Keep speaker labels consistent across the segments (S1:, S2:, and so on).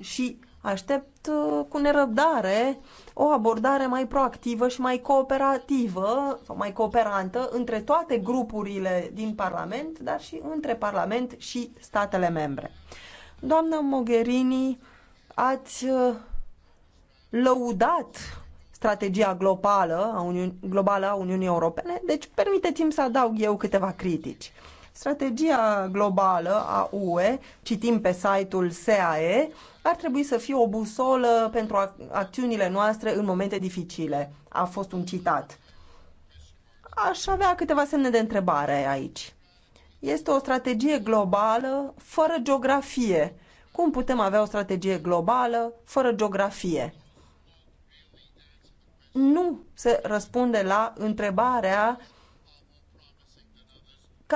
S1: și aștept uh, cu nerăbdare o abordare mai proactivă și mai cooperativă sau mai cooperantă între toate grupurile din Parlament, dar și între Parlament și statele membre. Doamnă Mogherini, ați uh, lăudat strategia globală a, Uniunii, globală a Uniunii Europene, deci permiteți-mi să adaug eu câteva critici. Strategia globală a UE, citim pe site-ul SAE, ar trebui să fie o busolă pentru acțiunile noastre în momente dificile. A fost un citat. Aș avea câteva semne de întrebare aici. Este o strategie globală fără geografie. Cum putem avea o strategie globală fără geografie? Nu se răspunde la întrebarea uh,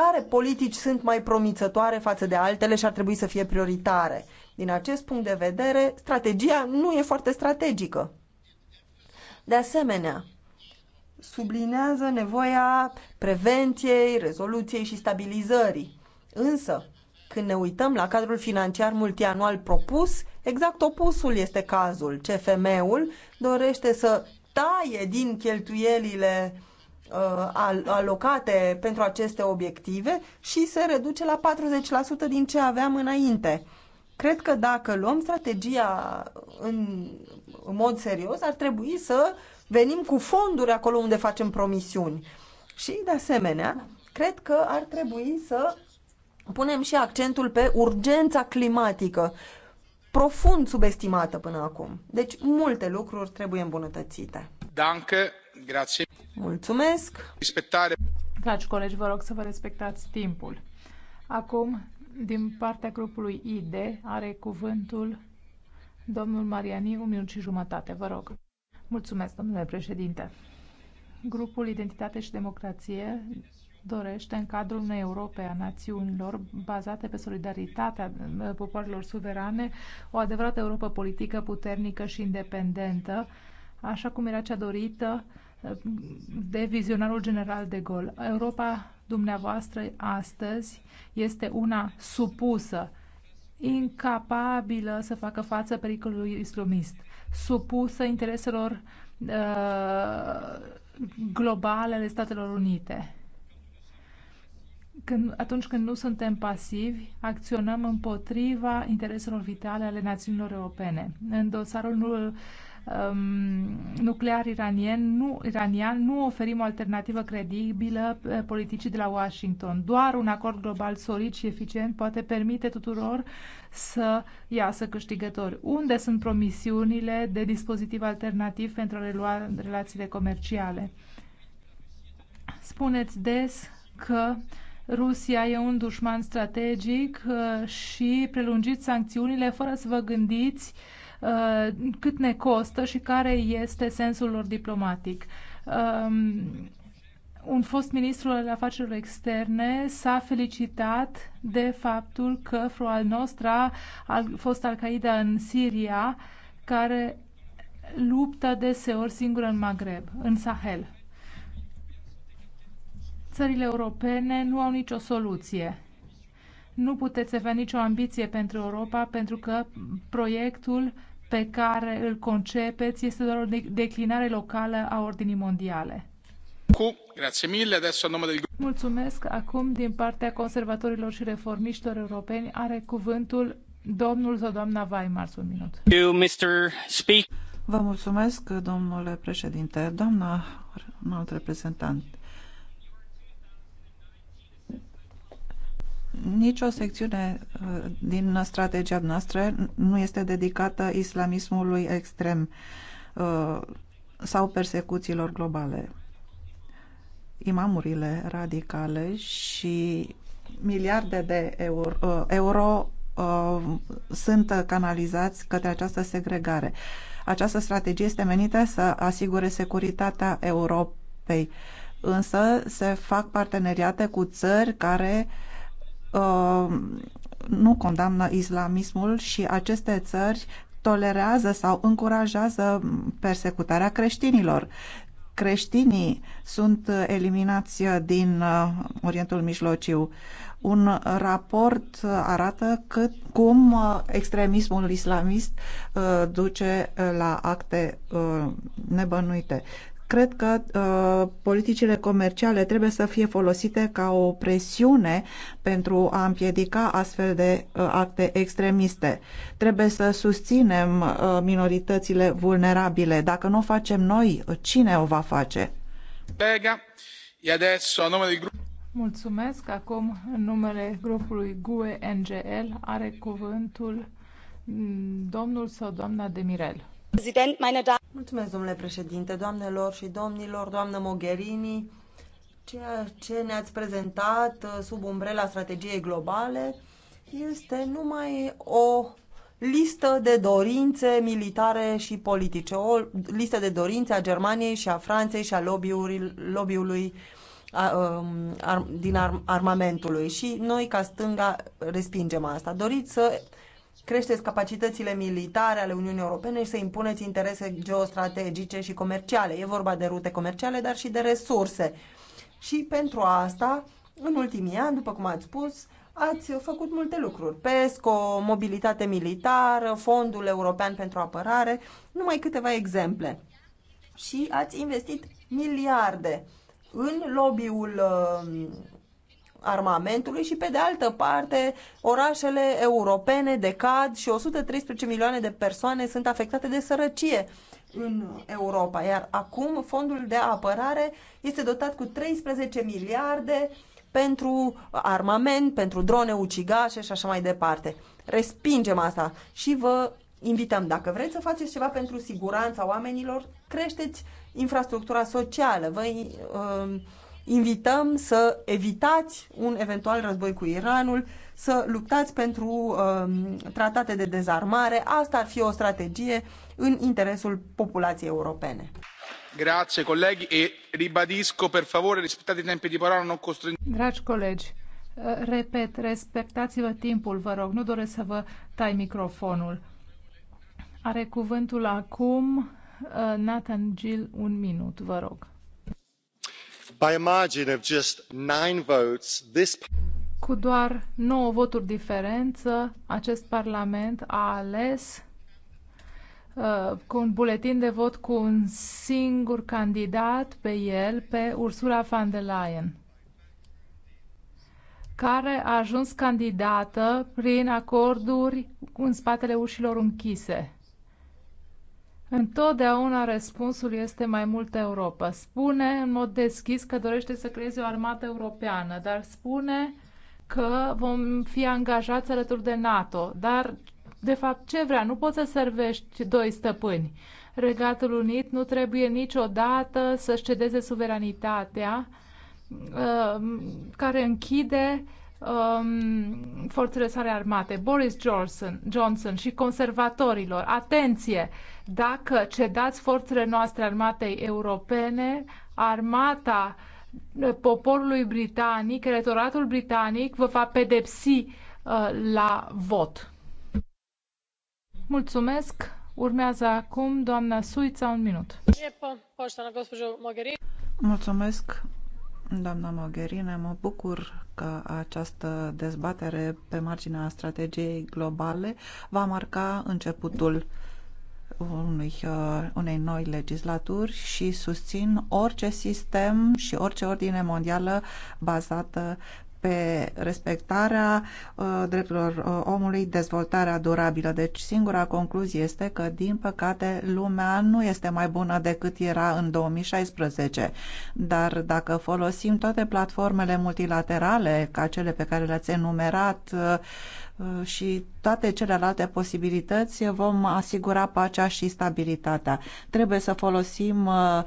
S1: care politici sunt mai promițătoare față de altele și ar trebui să fie prioritare. Din acest punct de vedere, strategia nu e foarte strategică. De asemenea, sublinează nevoia prevenției, rezoluției și stabilizării. Însă, când ne uităm la cadrul financiar multianual propus, exact opusul este cazul. CFM-ul dorește să taie din cheltuielile uh, Uh, alocate pentru aceste obiective și se reduce la 40% din ce aveam înainte. Cred că dacă luăm strategia în, în mod serios, ar trebui să venim cu fonduri acolo unde facem promisiuni. Și, de asemenea, cred că ar trebui să punem și accentul pe urgența climatică, profund subestimată până acum. Deci, multe lucruri trebuie îmbunătățite.
S2: Danke. Grazie. Mulțumesc. Respectare.
S1: Dragi colegi, vă rog să vă respectați
S3: timpul. Acum, din partea grupului ID, are cuvântul domnul Mariani, un minut și jumătate, vă rog. Mulțumesc, domnule președinte. Grupul Identitate și Democrație dorește, în cadrul unei Europe a națiunilor bazate pe solidaritatea uh, popoarelor suverane, o adevărată Europa politică puternică și independentă, așa cum era cea dorită de vizionarul general de Gol. Europa dumneavoastră astăzi este una supusă, incapabilă să facă față pericolului islamist, supusă intereselor uh, globale ale Statelor Unite. Când, atunci când nu suntem pasivi, acționăm împotriva intereselor vitale ale națiunilor europene. În dosarul um, nuclear iranien, nu, iranian, nu oferim o alternativă credibilă uh, politicii de la Washington. Doar un acord global solid și eficient poate permite tuturor să iasă câștigători. Unde sunt promisiunile de dispozitiv alternativ pentru a relua relațiile comerciale? Spuneți des că Rusia e un dușman strategic uh, și prelungiți sancțiunile fără să vă gândiți uh, Uh, cât ne costă și care este sensul lor diplomatic um, un fost ministru al afacerilor externe s-a felicitat de faptul că Froal Nostra a fost Al-Qaeda în Siria, care luptă deseori singură în Maghreb, în Sahel. Țările europene nu au nicio soluție nu puteți avea nicio ambiție pentru Europa pentru că proiectul pe care îl concepeți este doar o declinare locală a ordinii mondiale. Mulțumesc. Acum, din partea conservatorilor și reformiștilor europeni, are cuvântul domnul sau doamna Weimar, un minut.
S4: Vă mulțumesc, domnule președinte. Doamna înalt reprezentant, Nicio secțiune uh, din strategia noastră nu este dedicată islamismului extrem uh, sau persecuțiilor globale. Imamurile radicale și miliarde de euro, uh, euro sunt canalizați către această segregare. Această strategie este menită să asigure securitatea Europei, însă se fac parteneriate cu țări care uh, Uh, nu condamnă islamismul și aceste țări tolerează sau încurajează persecutarea creștinilor. Creștinii sunt eliminați din uh, Orientul Mijlociu. Un raport arată cât, cum uh, extremismul islamist duce la acte nebănuite. Cred că uh, politicile comerciale trebuie să fie folosite ca o presiune pentru a împiedica astfel de uh, acte extremiste. Trebuie să susținem uh, minoritățile vulnerabile. Dacă nu o facem noi, cine o
S2: va face? Lega. E adesso, a nome del
S3: Mulțumesc. Acum, în numele grupului GUE-NGL, are cuvântul mm, domnul
S1: sau doamna Demirel. Mulțumesc, domnule președinte, doamnelor și domnilor, doamnă Mogherini. Ceea ce ne-ați prezentat uh, sub umbrela strategiei globale este numai o listă de dorințe militare și politice, o listă de dorințe a Germaniei și a Franței și a lobby-ului um, din armamentului. Și noi, ca stânga, respingem asta. Doriți să creșteți capacitățile militare ale Uniunii Europene și să impuneți interese geostrategice și comerciale. E vorba de rute comerciale, dar și de resurse. Și pentru asta, în ultimii ani, după cum ați spus, ați făcut multe lucruri. PESCO, mobilitate militară, Fondul European pentru Apărare, numai câteva exemple. Și ați investit miliarde în lobby-ul uh, armamentului și, pe de altă parte, orașele europene decad și 113 milioane de persoane sunt afectate de sărăcie în Europa. Iar acum fondul de apărare este dotat cu 13 miliarde pentru armament, pentru drone ucigașe și așa mai departe. Respingem asta și vă invităm, dacă vreți să faceți ceva pentru siguranța oamenilor, creșteți infrastructura socială, vă uh, invităm să evitați un eventual război cu Iranul, să luptați pentru uh, tratate de dezarmare. Asta ar fi o strategie în interesul populației europene.
S2: Grazie, colleghi, e ribadisco, per favore, rispettate i tempi di parola, non costringete.
S1: Dragi colegi,
S3: eh, repet, respectați-vă timpul, vă rog, nu doresc să vă tai microfonul. Are cuvântul acum eh, Nathan Gil, un minut, vă rog. Cu doar nouă voturi diferență, acest Parlament a ales uh, cu un buletin de vot cu un singur candidat pe el, pe Ursula von der Leyen care a ajuns candidată prin acorduri în spatele ușilor închise. Întotdeauna răspunsul este mai mult Europa. Spune în mod deschis că dorește să creeze o armată europeană, dar spune că vom fi angajați alături de NATO. Dar, de fapt, ce vrea? Nu poți să servești doi stăpâni. Regatul Unit nu trebuie niciodată să-și cedeze suveranitatea uh, care închide um, forțele sale armate, Boris Johnson, Johnson și conservatorilor. Atenție! Dacă cedați forțele noastre armatei europene, armata eh, poporului britanic, electoratul britanic vă va pedepsi uh, la vot. Mulțumesc. Urmează acum doamna Suița un minut. Mulțumesc, doamna Mogherine. Mă bucur că
S4: această dezbatere pe marginea strategiei globale va marca începutul unui, uh, unei noi legislaturi și susțin orice sistem și orice ordine mondială bazată pe respectarea uh, drepturilor uh, omului, dezvoltarea durabilă. Deci singura concluzie este că, din păcate, lumea nu este mai bună decât era în 2016. Dar dacă folosim toate platformele multilaterale, ca cele pe care le-ați enumerat, uh, Uh, și toate celelalte posibilități vom asigura pacea și stabilitatea. Trebuie să folosim uh,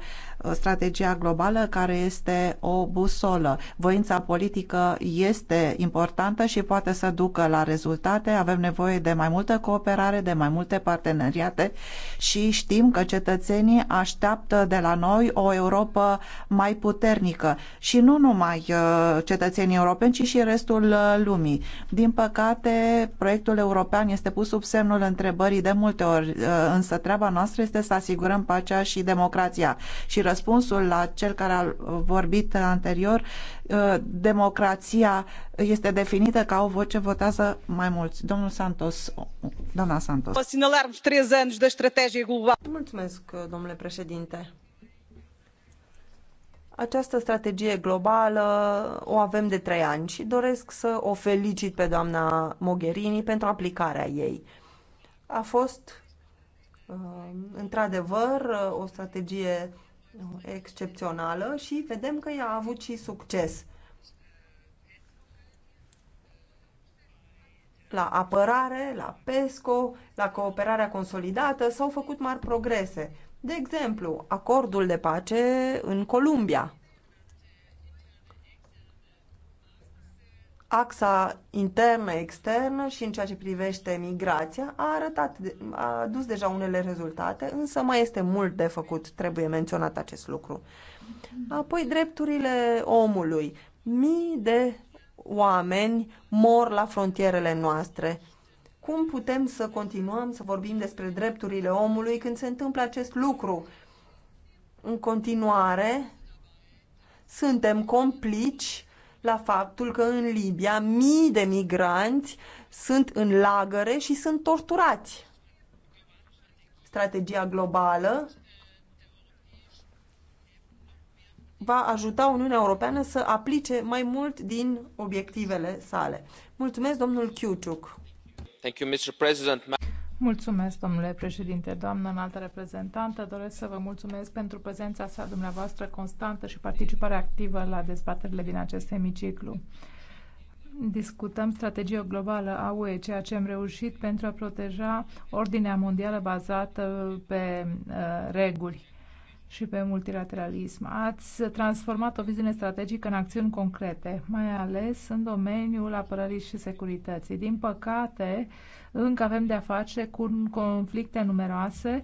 S4: strategia globală care este o busolă. Voința politică este importantă și poate să ducă la rezultate. Avem nevoie de mai multă cooperare, de mai multe parteneriate și știm că cetățenii așteaptă de la noi o Europa mai puternică și nu numai uh, cetățenii europeni, ci și restul lumii. Din păcate, proiectul european este pus sub semnul întrebării de multe ori, uh, însă treaba noastră este să asigurăm pacea și democrația. Și răspunsul la cel care a vorbit anterior, uh, democrația este definită ca o voce votează mai mulți. Domnul Santos, doamna Santos.
S1: Mulțumesc, domnule președinte această strategie globală o avem de trei ani și doresc să o felicit pe doamna Mogherini pentru aplicarea ei. A fost, uh, într-adevăr, o strategie uh, excepțională și vedem că ea a avut și succes. La apărare, la PESCO, la cooperarea consolidată s-au făcut mari progrese de exemplu, acordul de pace în Columbia. Axa internă-externă și în ceea ce privește migrația a arătat, a adus deja unele rezultate, însă mai este mult de făcut, trebuie menționat acest lucru. Apoi, drepturile omului. Mii de oameni mor la frontierele noastre cum putem să continuăm să vorbim despre drepturile omului când se întâmplă acest lucru? În continuare, suntem complici la faptul că în Libia mii de migranți sunt în lagăre și sunt torturați. Strategia globală va ajuta Uniunea Europeană să aplice mai mult din obiectivele sale. Mulțumesc, domnul Chiuciuc. Mulțumesc,
S3: domnule președinte, doamnă înaltă reprezentantă. Doresc să vă mulțumesc pentru prezența sa dumneavoastră constantă și participarea activă la dezbaterile din acest hemiciclu. Discutăm strategia globală a UE, ceea ce am reușit pentru a proteja ordinea mondială bazată pe uh, reguli și pe multilateralism. Ați transformat o viziune strategică în acțiuni concrete, mai ales în domeniul apărării și securității. Din păcate, încă avem de-a face cu conflicte numeroase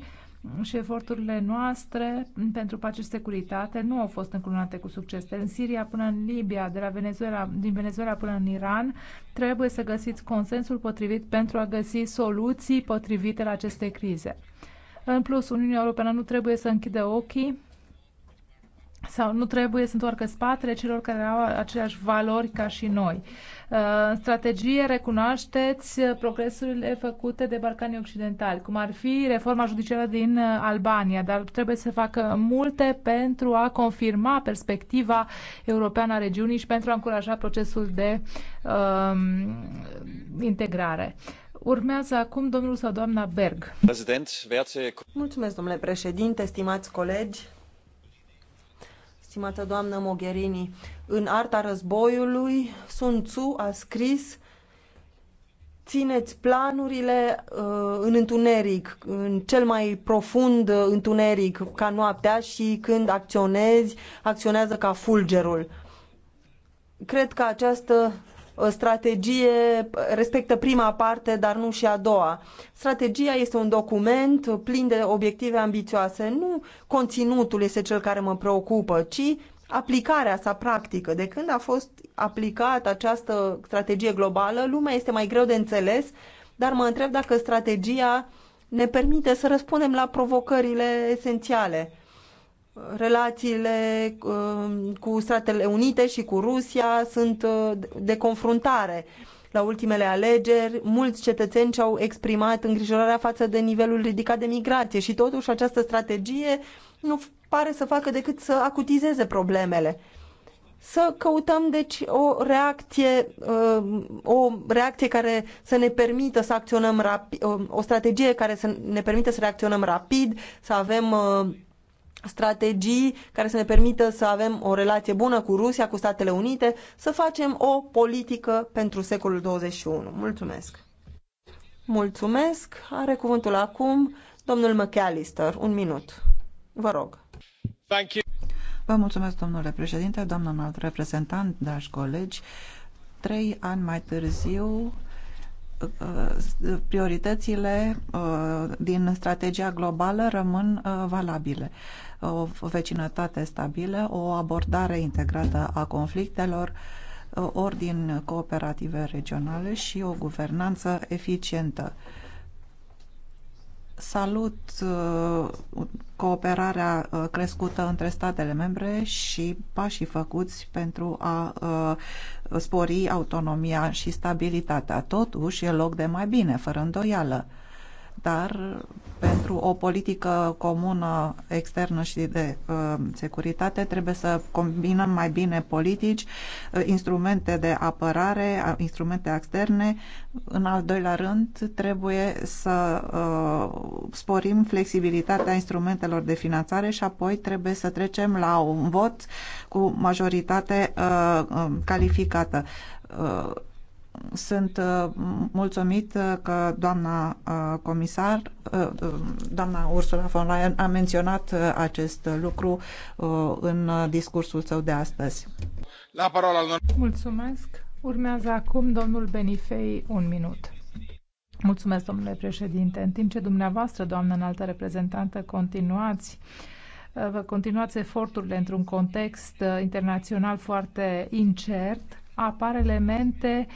S3: și eforturile noastre pentru pace și securitate nu au fost încununate cu succes. În Siria până în Libia, de la Venezuela, din Venezuela până în Iran, trebuie să găsiți consensul potrivit pentru a găsi soluții potrivite la aceste crize. În plus, Uniunea Europeană nu trebuie să închide ochii sau nu trebuie să întoarcă spatele celor care au aceleași valori ca și noi. Uh, în strategie recunoașteți progresurile făcute de Balcanii Occidentali, cum ar fi reforma judiciară din uh, Albania, dar trebuie să facă multe pentru a confirma perspectiva europeană a regiunii și pentru a încuraja procesul de um, integrare. Uh, Urmează acum domnul sau doamna Berg.
S1: Mulțumesc, domnule președinte, stimați colegi, stimată doamnă Mogherini. În arta războiului, Sun Tzu a scris Țineți planurile uh, în întuneric, în cel mai profund uh, întuneric, ca noaptea și când acționezi, acționează ca fulgerul. Cred că această Uh, strategie respectă prima parte, dar nu și a doua. Strategia este un document plin de obiective ambițioase. Nu conținutul este cel care mă preocupă, ci aplicarea sa practică. De când a fost aplicată această strategie globală, lumea este mai greu de înțeles, dar mă întreb dacă strategia ne permite să răspundem la provocările esențiale relațiile um, cu Statele Unite și cu Rusia sunt uh, de confruntare. La ultimele alegeri, mulți cetățeni și-au exprimat îngrijorarea față de nivelul ridicat de migrație și totuși această strategie nu pare să facă decât să acutizeze problemele. Să căutăm, deci, o reacție, um, o reacție care să ne permită să acționăm rapid, um, o strategie care să ne permită să reacționăm rapid, să avem strategii care să ne permită să avem o relație bună cu Rusia, cu Statele Unite, să facem o politică pentru secolul 21. Mulțumesc! Mulțumesc! Are cuvântul acum domnul McAllister. Un minut. Vă rog.
S2: Thank you.
S4: Vă mulțumesc, domnule președinte, doamnă înalt reprezentant, dragi colegi. Trei ani mai târziu, uh, prioritățile uh, din strategia globală rămân uh, valabile o vecinătate stabilă, o abordare integrată a conflictelor, ordin cooperative regionale și o guvernanță eficientă. Salut uh, cooperarea uh, crescută între statele membre și pașii făcuți pentru a uh, spori autonomia și stabilitatea. Totuși, e loc de mai bine, fără îndoială. Dar pentru o politică comună externă și de uh, securitate trebuie să combinăm mai bine politici, uh, instrumente de apărare, uh, instrumente externe. În al doilea rând, trebuie să uh, sporim flexibilitatea instrumentelor de finanțare și apoi trebuie să trecem la un vot cu majoritate uh, calificată. Uh, sunt uh, mulțumit uh, că doamna uh, comisar, doamna Ursula von Leyen a menționat acest lucru în discursul său de astăzi.
S3: La parola. Mulțumesc. Urmează acum domnul Benifei un minut. Mulțumesc, domnule președinte. În timp ce dumneavoastră, doamnă înaltă reprezentantă, continuați vă continuați eforturile într-un context internațional foarte incert, apar elemente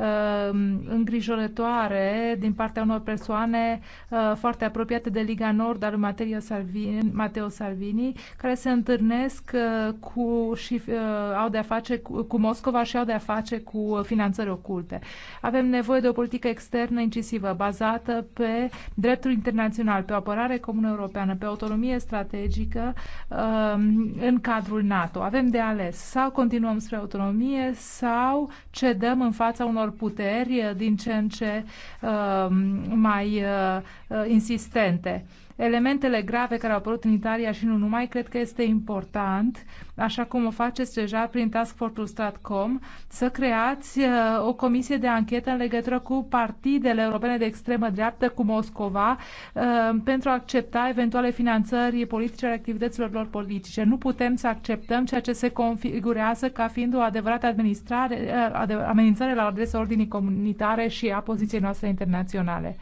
S3: Um, îngrijorătoare din partea unor persoane uh, foarte apropiate de Liga Nord al Matteo Salvini, Matteo Salvini care se întâlnesc uh, cu și uh, au de-a face cu, cu Moscova și au de-a face cu finanțări oculte. Avem nevoie de o politică externă incisivă, bazată pe dreptul internațional, pe apărare comună europeană, pe autonomie strategică um, în cadrul NATO. Avem de ales sau continuăm spre autonomie sau cedăm în fața unor unor puteri din ce în ce uh, mai uh, insistente elementele grave care au apărut în Italia și nu numai, cred că este important, așa cum o faceți deja prin Task force Stratcom, să creați uh, o comisie de anchetă în legătură cu partidele europene de extremă dreaptă, cu Moscova, uh, pentru a accepta eventuale finanțări politice ale activităților lor politice. Nu putem să acceptăm ceea ce se configurează ca fiind o adevărată administrare, uh, amenințare la adresa ordinii comunitare și a poziției noastre internaționale.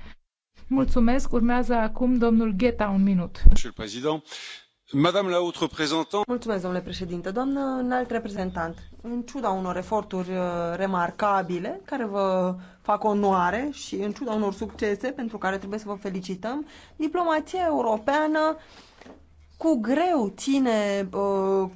S3: Mulțumesc. Urmează
S1: acum domnul Gheta un minut. Mulțumesc, domnule președinte doamnă înalt reprezentant în ciuda unor eforturi uh, remarcabile care vă fac onoare și în ciuda unor succese pentru care trebuie să vă felicităm diplomația europeană cu greu ține uh,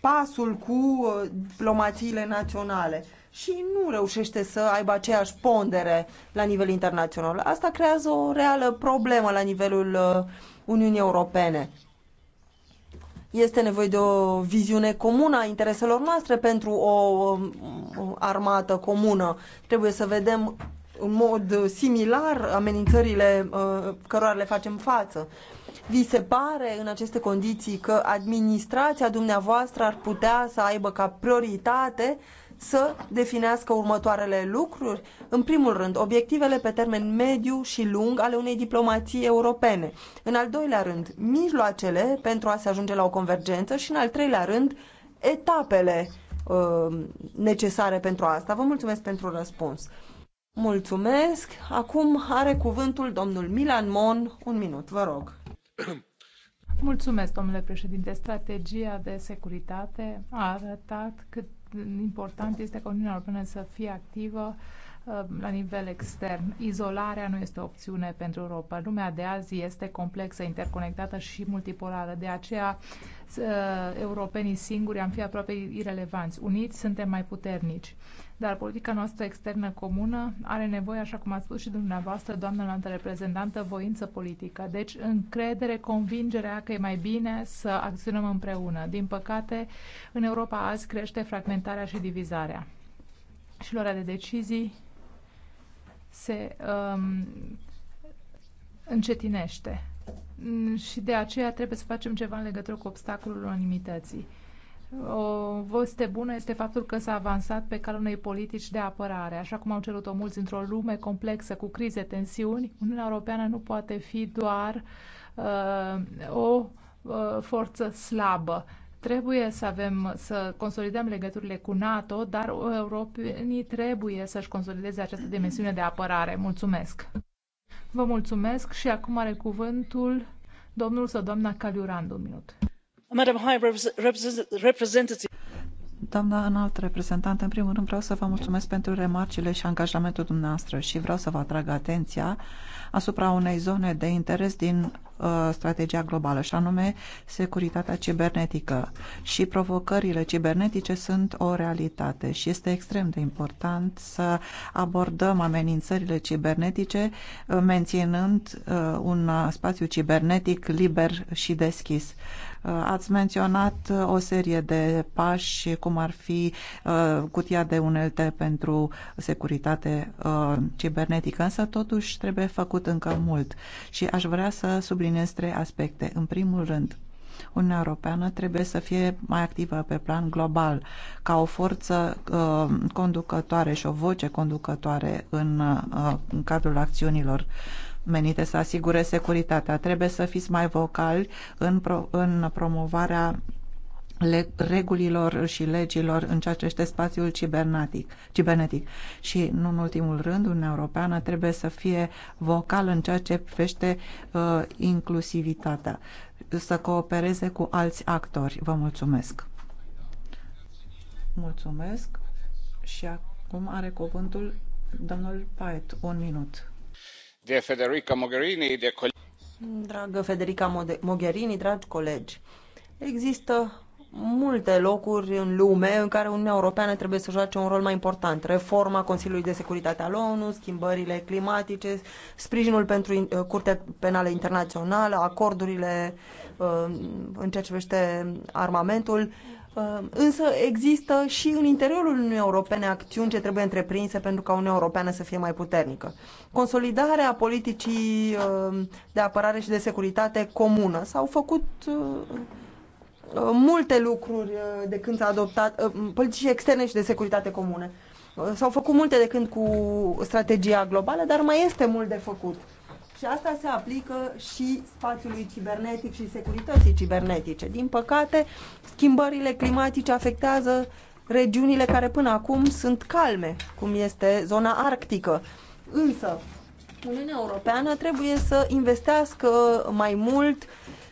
S1: pasul cu uh, diplomațiile naționale și nu reușește să aibă aceeași pondere la nivel internațional. Asta creează o reală problemă la nivelul uh, Uniunii Europene. Este nevoie de o viziune comună a intereselor noastre pentru o um, armată comună. Trebuie să vedem în mod similar amenințările uh, cărora le facem față. Vi se pare în aceste condiții că administrația dumneavoastră ar putea să aibă ca prioritate uh, să definească următoarele lucruri. În primul rând, obiectivele pe termen mediu și lung ale unei diplomații europene. În al doilea rând, mijloacele pentru a se ajunge la o convergență și în al treilea rând, etapele uh, necesare pentru asta. Vă mulțumesc pentru răspuns. Mulțumesc. Acum are cuvântul domnul Milan Mon. Un minut, vă rog. Mulțumesc, domnule președinte. Strategia de
S3: securitate a arătat cât important este ca Uniunea Europeană să fie activă Uh, la nivel extern. Izolarea nu este o opțiune pentru Europa. Lumea de azi este complexă, interconectată și multipolară. De aceea, uh, europenii singuri am fi aproape irelevanți. Uniți suntem mai puternici. Dar politica noastră externă comună are nevoie, așa cum a spus și dumneavoastră, doamnă înaltă reprezentantă, voință politică. Deci, încredere, convingerea că e mai bine să acționăm împreună. Din păcate, în Europa azi crește fragmentarea și divizarea. Și luarea de decizii se um, încetinește. Și de aceea trebuie să facem ceva în legătură cu obstacolul unanimității. O voste bună este faptul că s-a avansat pe calul unei politici de apărare. Așa cum au cerut-o mulți într-o lume complexă, cu crize, tensiuni, Uniunea Europeană nu poate fi doar uh, o uh, forță slabă. Trebuie să avem, să consolidăm legăturile cu NATO, dar uh, europenii trebuie să-și consolideze această dimensiune de apărare. Mulțumesc! Vă mulțumesc și acum are cuvântul domnul sau doamna Caliuran, un minut. Madam High Representative.
S4: Doamna înalt reprezentant, în primul rând vreau să vă mulțumesc pentru remarcile și angajamentul dumneavoastră și vreau să vă atrag atenția asupra unei zone de interes din uh, strategia globală, și anume securitatea cibernetică. Și provocările cibernetice sunt o realitate și este extrem de important să abordăm amenințările cibernetice uh, menținând uh, un spațiu cibernetic liber și deschis. Uh, ați menționat uh, o serie de pași, cum ar fi uh, cutia de unelte pentru securitate cibernetică, însă totuși trebuie făcut încă mult și aș vrea să subliniez trei aspecte. În primul rând, Uniunea Europeană trebuie să fie mai activă pe plan global, ca o forță uh, conducătoare și o voce conducătoare în, uh, în cadrul acțiunilor menite să asigure securitatea. Trebuie să fiți mai vocali în, pro, în promovarea le, regulilor și legilor în ceea ce este spațiul cibernetic, cibernetic. Și, nu în ultimul rând, Uniunea Europeană trebuie să fie vocal în ceea ce privește uh, inclusivitatea, să coopereze cu alți actori. Vă mulțumesc! Mulțumesc și acum are cuvântul
S1: domnul Paet. Un minut. Dragă Federica Mogherini, dragi colegi, există multe locuri în lume în care Uniunea Europeană trebuie să joace un rol mai important. Reforma Consiliului de Securitate al ONU, schimbările climatice, sprijinul pentru uh, Curtea Penală Internațională, acordurile uh, în ceea ce privește armamentul. Ă, însă există și în interiorul Uniunii Europene acțiuni ce trebuie întreprinse pentru ca Uniunea Europeană să fie mai puternică. Consolidarea politicii ă, de apărare și de securitate comună. S-au făcut ă, multe lucruri de când s-a adoptat politicii externe și de securitate comune. S-au făcut multe de când cu strategia globală, dar mai este mult de făcut și asta se aplică și spațiului cibernetic și securității cibernetice. Din păcate, schimbările climatice afectează regiunile care până acum sunt calme, cum este zona arctică. Însă, Uniunea Europeană trebuie să investească mai mult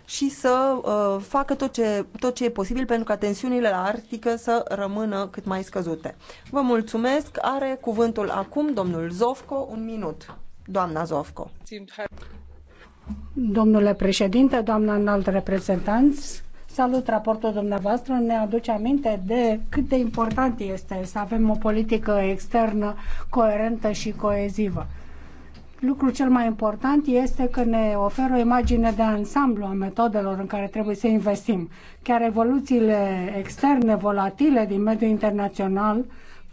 S1: și să uh, facă tot ce, tot ce e posibil pentru ca tensiunile la Arctică să rămână cât mai scăzute. Vă mulțumesc. Are cuvântul acum domnul Zofco, un minut doamna Zovco.
S5: Domnule președinte, doamna înalt reprezentant, salut raportul dumneavoastră, ne aduce aminte de cât de important este să avem o politică externă coerentă și coezivă. Lucrul cel mai important este că ne oferă o imagine de ansamblu a metodelor în care trebuie să investim. Chiar evoluțiile externe volatile din mediul internațional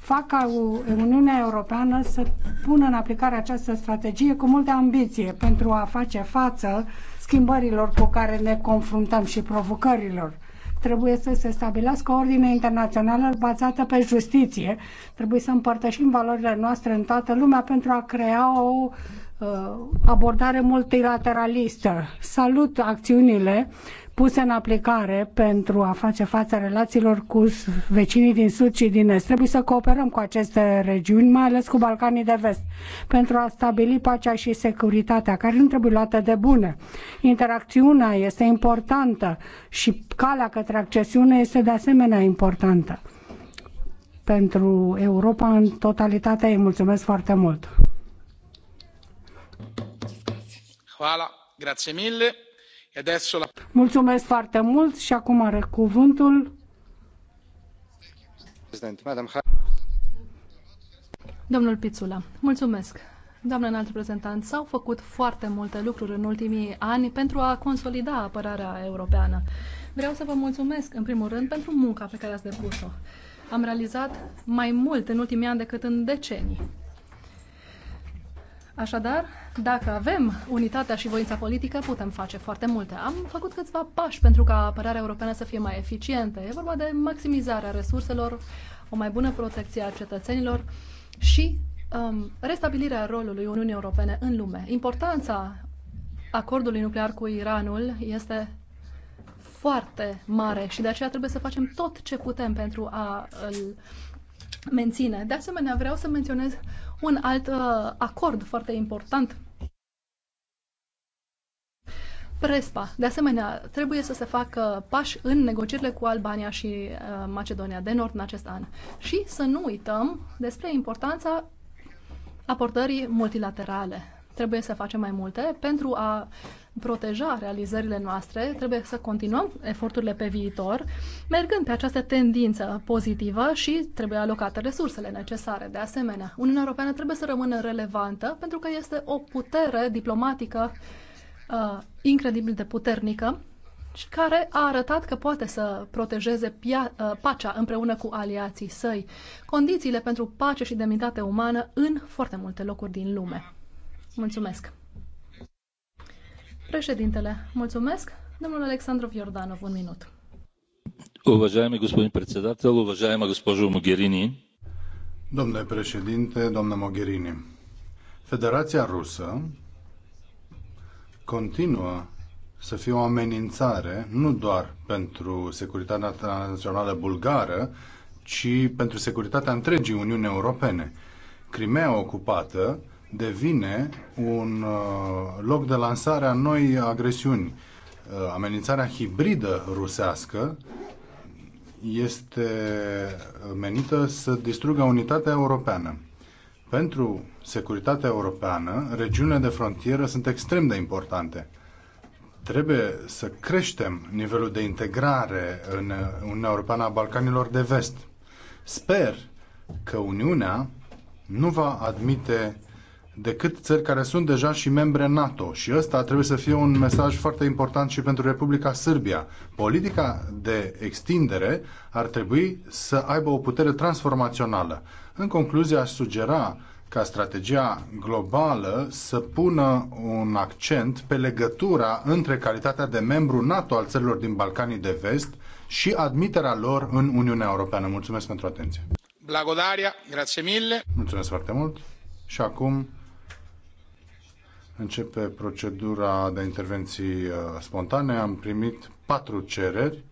S5: fac ca Uniunea Europeană să pună în aplicare această strategie cu multă ambiție pentru a face față schimbărilor cu care ne confruntăm și provocărilor. Trebuie să se stabilească o ordine internațională bazată pe justiție. Trebuie să împărtășim valorile noastre în toată lumea pentru a crea o uh, abordare multilateralistă. Salut acțiunile puse în aplicare pentru a face față relațiilor cu vecinii din sud și din est. Trebuie să cooperăm cu aceste regiuni, mai ales cu Balcanii de vest, pentru a stabili pacea și securitatea, care nu trebuie luată de bune. Interacțiunea este importantă și calea către accesiune este de asemenea importantă pentru Europa în totalitate. Îi mulțumesc foarte mult!
S2: Hvala, grazie mille.
S5: Mulțumesc foarte mult și acum are cuvântul.
S6: Domnul Pițula, mulțumesc. Doamnă înalt reprezentant, s-au făcut foarte multe lucruri în ultimii ani pentru a consolida apărarea europeană. Vreau să vă mulțumesc, în primul rând, pentru munca pe care ați depus-o. Am realizat mai mult în ultimii ani decât în decenii. Așadar, dacă avem unitatea și voința politică, putem face foarte multe. Am făcut câțiva pași pentru ca apărarea europeană să fie mai eficientă. E vorba de maximizarea resurselor, o mai bună protecție a cetățenilor și um, restabilirea rolului Uniunii Europene în lume. Importanța acordului nuclear cu Iranul este foarte mare și de aceea trebuie să facem tot ce putem pentru a îl menține. De asemenea, vreau să menționez un alt uh, acord foarte important Prespa. De asemenea, trebuie să se facă pași în negocierile cu Albania și uh, Macedonia de Nord în acest an. Și să nu uităm despre importanța aportării multilaterale trebuie să facem mai multe pentru a proteja realizările noastre, trebuie să continuăm eforturile pe viitor, mergând pe această tendință pozitivă și trebuie alocate resursele necesare. De asemenea, Uniunea Europeană trebuie să rămână relevantă pentru că este o putere diplomatică uh, incredibil de puternică și care a arătat că poate să protejeze uh, pacea împreună cu aliații săi, condițiile pentru pace și demnitate umană în foarte multe locuri din lume. Mulțumesc. Președintele, mulțumesc. Domnul Alexandrov Iordanov, un minut.
S7: Уважаеми господин председател, уважаема госпожо Могерини. Domnule președinte, doamnă Mogherini, Federația Rusă continuă să fie o amenințare nu doar pentru securitatea națională bulgară, ci pentru securitatea întregii Uniuni Europene. Crimea ocupată devine un uh, loc de lansare a noi agresiuni. Uh, amenințarea hibridă rusească este menită să distrugă unitatea europeană. Pentru securitatea europeană, regiunile de frontieră sunt extrem de importante. Trebuie să creștem nivelul de integrare în Uniunea Europeană a Balcanilor de Vest. Sper că Uniunea nu va admite decât țări care sunt deja și membre NATO. Și ăsta trebuie să fie un mesaj foarte important și pentru Republica Sârbia. Politica de extindere ar trebui să aibă o putere transformațională. În concluzie, aș sugera ca strategia globală să pună un accent pe legătura între calitatea de membru NATO al țărilor din Balcanii de Vest și admiterea lor în Uniunea Europeană. Mulțumesc pentru atenție.
S2: Blagodaria, grazie mille. Mulțumesc foarte
S7: mult. Și acum începe procedura de intervenții uh, spontane. Am primit patru cereri,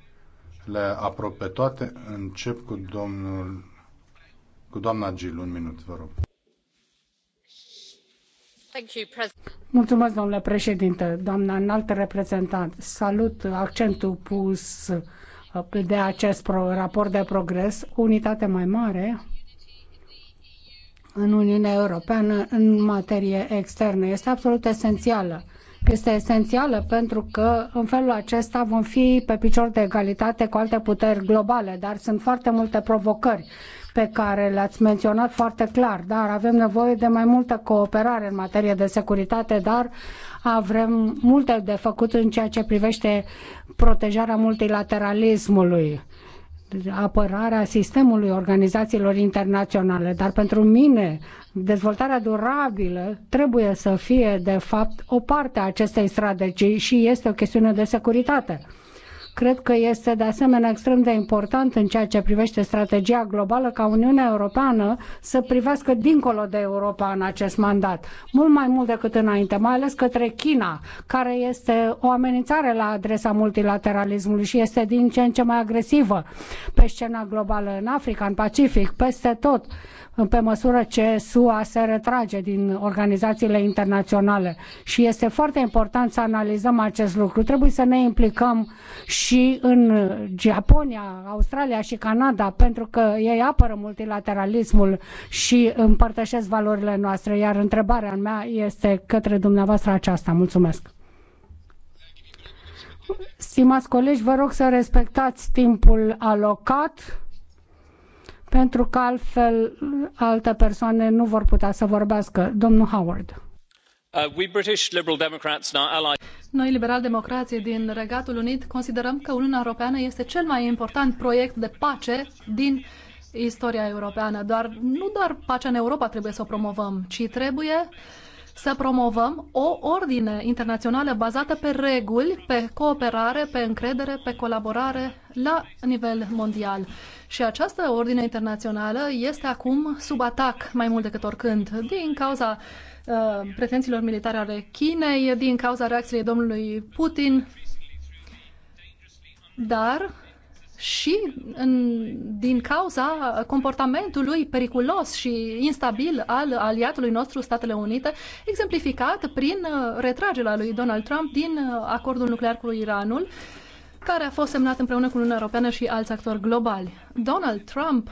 S7: le apro toate. Încep cu domnul cu doamna Gil, un minut, vă rog.
S5: Mulțumesc, domnule președinte, doamna înaltă reprezentant. Salut accentul pus uh, de acest raport de progres, unitate mai mare, în Uniunea Europeană în materie externă. Este absolut esențială. Este esențială pentru că în felul acesta vom fi pe picior de egalitate cu alte puteri globale, dar sunt foarte multe provocări pe care le-ați menționat foarte clar, dar avem nevoie de mai multă cooperare în materie de securitate, dar avem multe de făcut în ceea ce privește protejarea multilateralismului apărarea sistemului organizațiilor internaționale, dar pentru mine dezvoltarea durabilă trebuie să fie, de fapt, o parte a acestei strategii și este o chestiune de securitate. Cred că este de asemenea extrem de important în ceea ce privește strategia globală ca Uniunea Europeană să privească dincolo de Europa în acest mandat, mult mai mult decât înainte, mai ales către China, care este o amenințare la adresa multilateralismului și este din ce în ce mai agresivă pe scena globală în Africa, în Pacific, peste tot pe măsură ce SUA se retrage din organizațiile internaționale. Și este foarte important să analizăm acest lucru. Trebuie să ne implicăm și și în Japonia, Australia și Canada, pentru că ei apără multilateralismul și împărtășesc valorile noastre. Iar întrebarea mea este către dumneavoastră aceasta. Mulțumesc! Stimați colegi, vă rog să respectați timpul alocat pentru că altfel alte persoane nu vor putea să vorbească. Domnul Howard.
S6: Uh, Noi, liberal-democrații din Regatul Unit, considerăm că Uniunea Europeană este cel mai important proiect de pace din istoria europeană. Doar, nu doar pacea în Europa trebuie să o promovăm, ci trebuie să promovăm o ordine internațională bazată pe reguli, pe cooperare, pe încredere, pe colaborare la nivel mondial. Și această ordine internațională este acum sub atac mai mult decât oricând din cauza uh, Uh, pretențiilor militare ale Chinei din cauza reacției domnului Putin, dar și în, din cauza comportamentului periculos și instabil al aliatului nostru, Statele Unite, exemplificat prin uh, retragerea lui Donald Trump din uh, acordul nuclear cu Iranul, care a fost semnat împreună cu Uniunea Europeană și alți actori globali. Donald Trump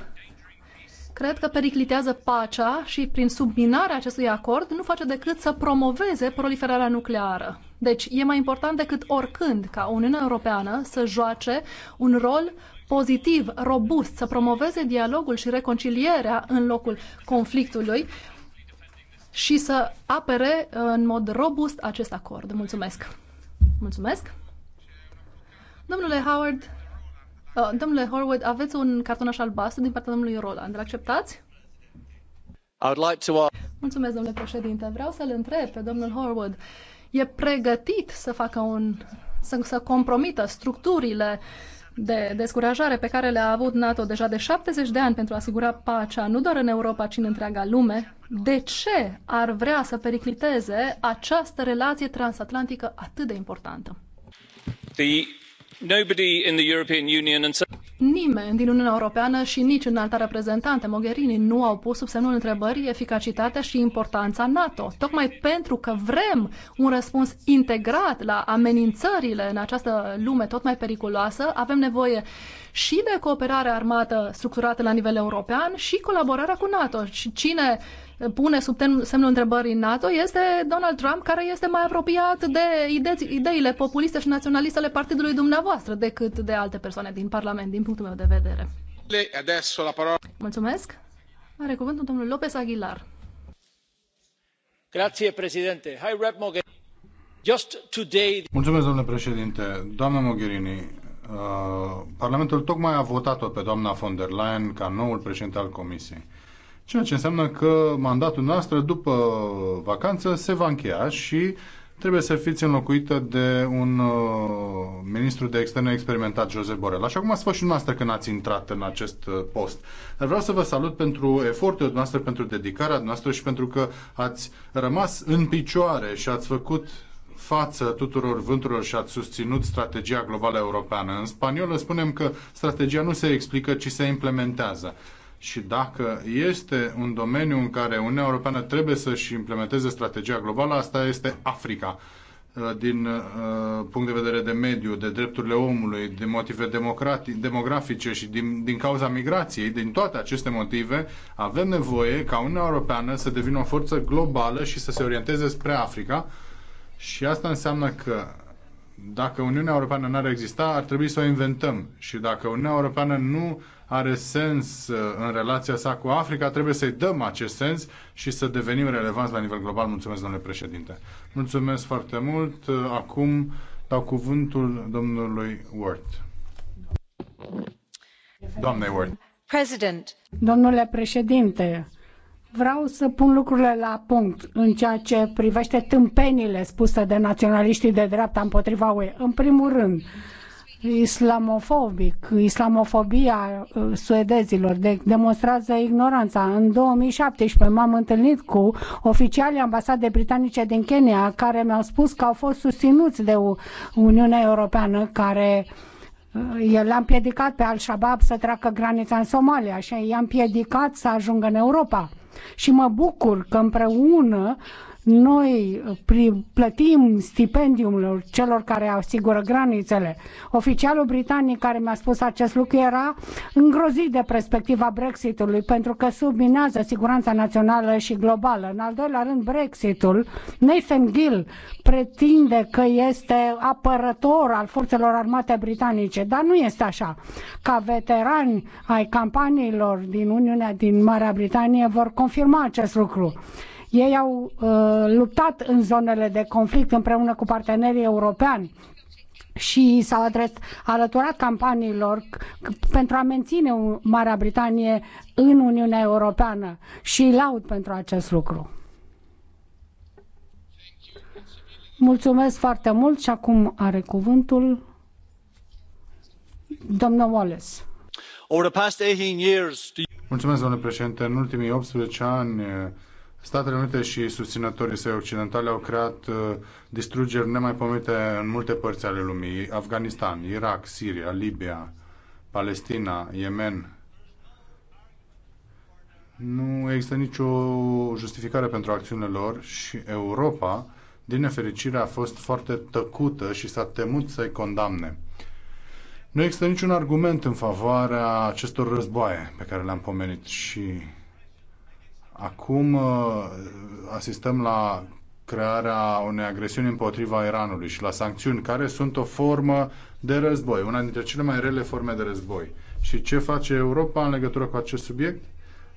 S6: cred că periclitează pacea și prin subminarea acestui acord nu face decât să promoveze proliferarea nucleară. Deci e mai important decât oricând ca Uniunea Europeană să joace un rol pozitiv, robust, să promoveze dialogul și reconcilierea în locul conflictului și să apere uh, în mod robust acest acord. Mulțumesc! Mulțumesc! Domnule Howard, Uh, domnule Horwood, aveți un cartonaș albastru din partea domnului Roland. Îl acceptați?
S5: I would like
S7: to...
S6: Mulțumesc, domnule președinte. Vreau să-l întreb pe domnul Horwood. E pregătit să facă un... să, să compromită structurile de descurajare pe care le-a avut NATO deja de 70 de ani pentru a asigura pacea, nu doar în Europa, ci în întreaga lume, de ce ar vrea să pericliteze această relație transatlantică atât de importantă? The Nimeni din Uniunea Europeană și nici în reprezentant Mogherini nu au pus sub semnul întrebării eficacitatea și importanța NATO. Tocmai pentru că vrem un răspuns integrat la amenințările în această lume tot mai periculoasă, avem nevoie și de cooperare armată structurată la nivel european și colaborarea cu NATO. Și cine pune sub semnul întrebării NATO este Donald Trump, care este mai apropiat de ide- ideile populiste și naționaliste ale partidului dumneavoastră decât de alte persoane din Parlament, din punctul meu de vedere. Mulțumesc. Are cuvântul domnul López Aguilar.
S2: Grazie, președinte. Hai, Rep Just today...
S7: Mulțumesc, domnule președinte. Doamna Mogherini, uh, Parlamentul tocmai a votat-o pe doamna von der Leyen ca noul președinte al Comisiei. Ceea ce înseamnă că mandatul noastră după vacanță se va încheia și trebuie să fiți înlocuită de un uh, ministru de externe experimentat, Josep Borel. Așa cum ați fost și dumneavoastră când ați intrat în acest uh, post. Dar vreau să vă salut pentru eforturile noastre, pentru dedicarea noastră și pentru că ați rămas în picioare și ați făcut față tuturor vânturilor și ați susținut strategia globală europeană. În spaniolă spunem că strategia nu se explică, ci se implementează și dacă este un domeniu în care Uniunea Europeană trebuie să-și implementeze strategia globală, asta este Africa. Uh, din uh, punct de vedere de mediu, de drepturile omului, de motive demografice și din, din cauza migrației, din toate aceste motive, avem nevoie ca Uniunea Europeană să devină o forță globală și să se orienteze spre Africa. Și asta înseamnă că dacă Uniunea Europeană n-ar exista, ar trebui să o inventăm. Și dacă Uniunea Europeană nu are sens uh, în relația sa cu Africa, trebuie să-i dăm acest sens și să devenim relevanți la nivel global. Mulțumesc, domnule președinte. Mulțumesc foarte mult. Uh, acum dau cuvântul domnului Ward. Doamne Ward.
S5: President. Domnule președinte, vreau să pun lucrurile la punct în ceea ce privește tâmpenile spuse de naționaliștii de dreapta împotriva UE. În primul rând, islamofobic, islamofobia uh, suedezilor, de, demonstrează ignoranța. În 2017 m-am întâlnit cu oficialii ambasadei britanice din Kenya care mi-au spus că au fost susținuți de Uniunea Europeană care el uh, a împiedicat pe Al-Shabaab să treacă granița în Somalia și i-a împiedicat să ajungă în Europa. Și mă bucur că împreună noi uh, plătim stipendiul celor care asigură granițele. Oficialul britanic care mi-a spus acest lucru era îngrozit de perspectiva Brexitului pentru că subminează siguranța națională și globală. În al doilea rând, Brexitul, Nathan Gill pretinde că este apărător al forțelor armate britanice, dar nu este așa. Ca veterani ai campaniilor din Uniunea din Marea Britanie vor confirma acest lucru. Ei au uh, luptat în zonele de conflict împreună cu partenerii europeni și s-au alăturat campaniilor pentru a menține Marea Britanie în Uniunea Europeană și îi laud pentru acest lucru. Mulțumesc foarte mult și acum are cuvântul domnul Wallace.
S7: Mulțumesc, domnule președinte. În ultimii 18 ani, Statele Unite și susținătorii săi occidentali au creat uh, distrugeri nemaipomenite în multe părți ale lumii. Afganistan, Irak, Siria, Libia, Palestina, Yemen. Nu există nicio justificare pentru acțiunile lor și Europa, din nefericire, a fost foarte tăcută și s-a temut să-i condamne. Nu există niciun argument în favoarea acestor războaie pe care le-am pomenit și Acum uh, asistăm la crearea unei agresiuni împotriva Iranului și la sancțiuni care sunt o formă de război, una dintre cele mai rele forme de război. Și ce face Europa în legătură cu acest subiect?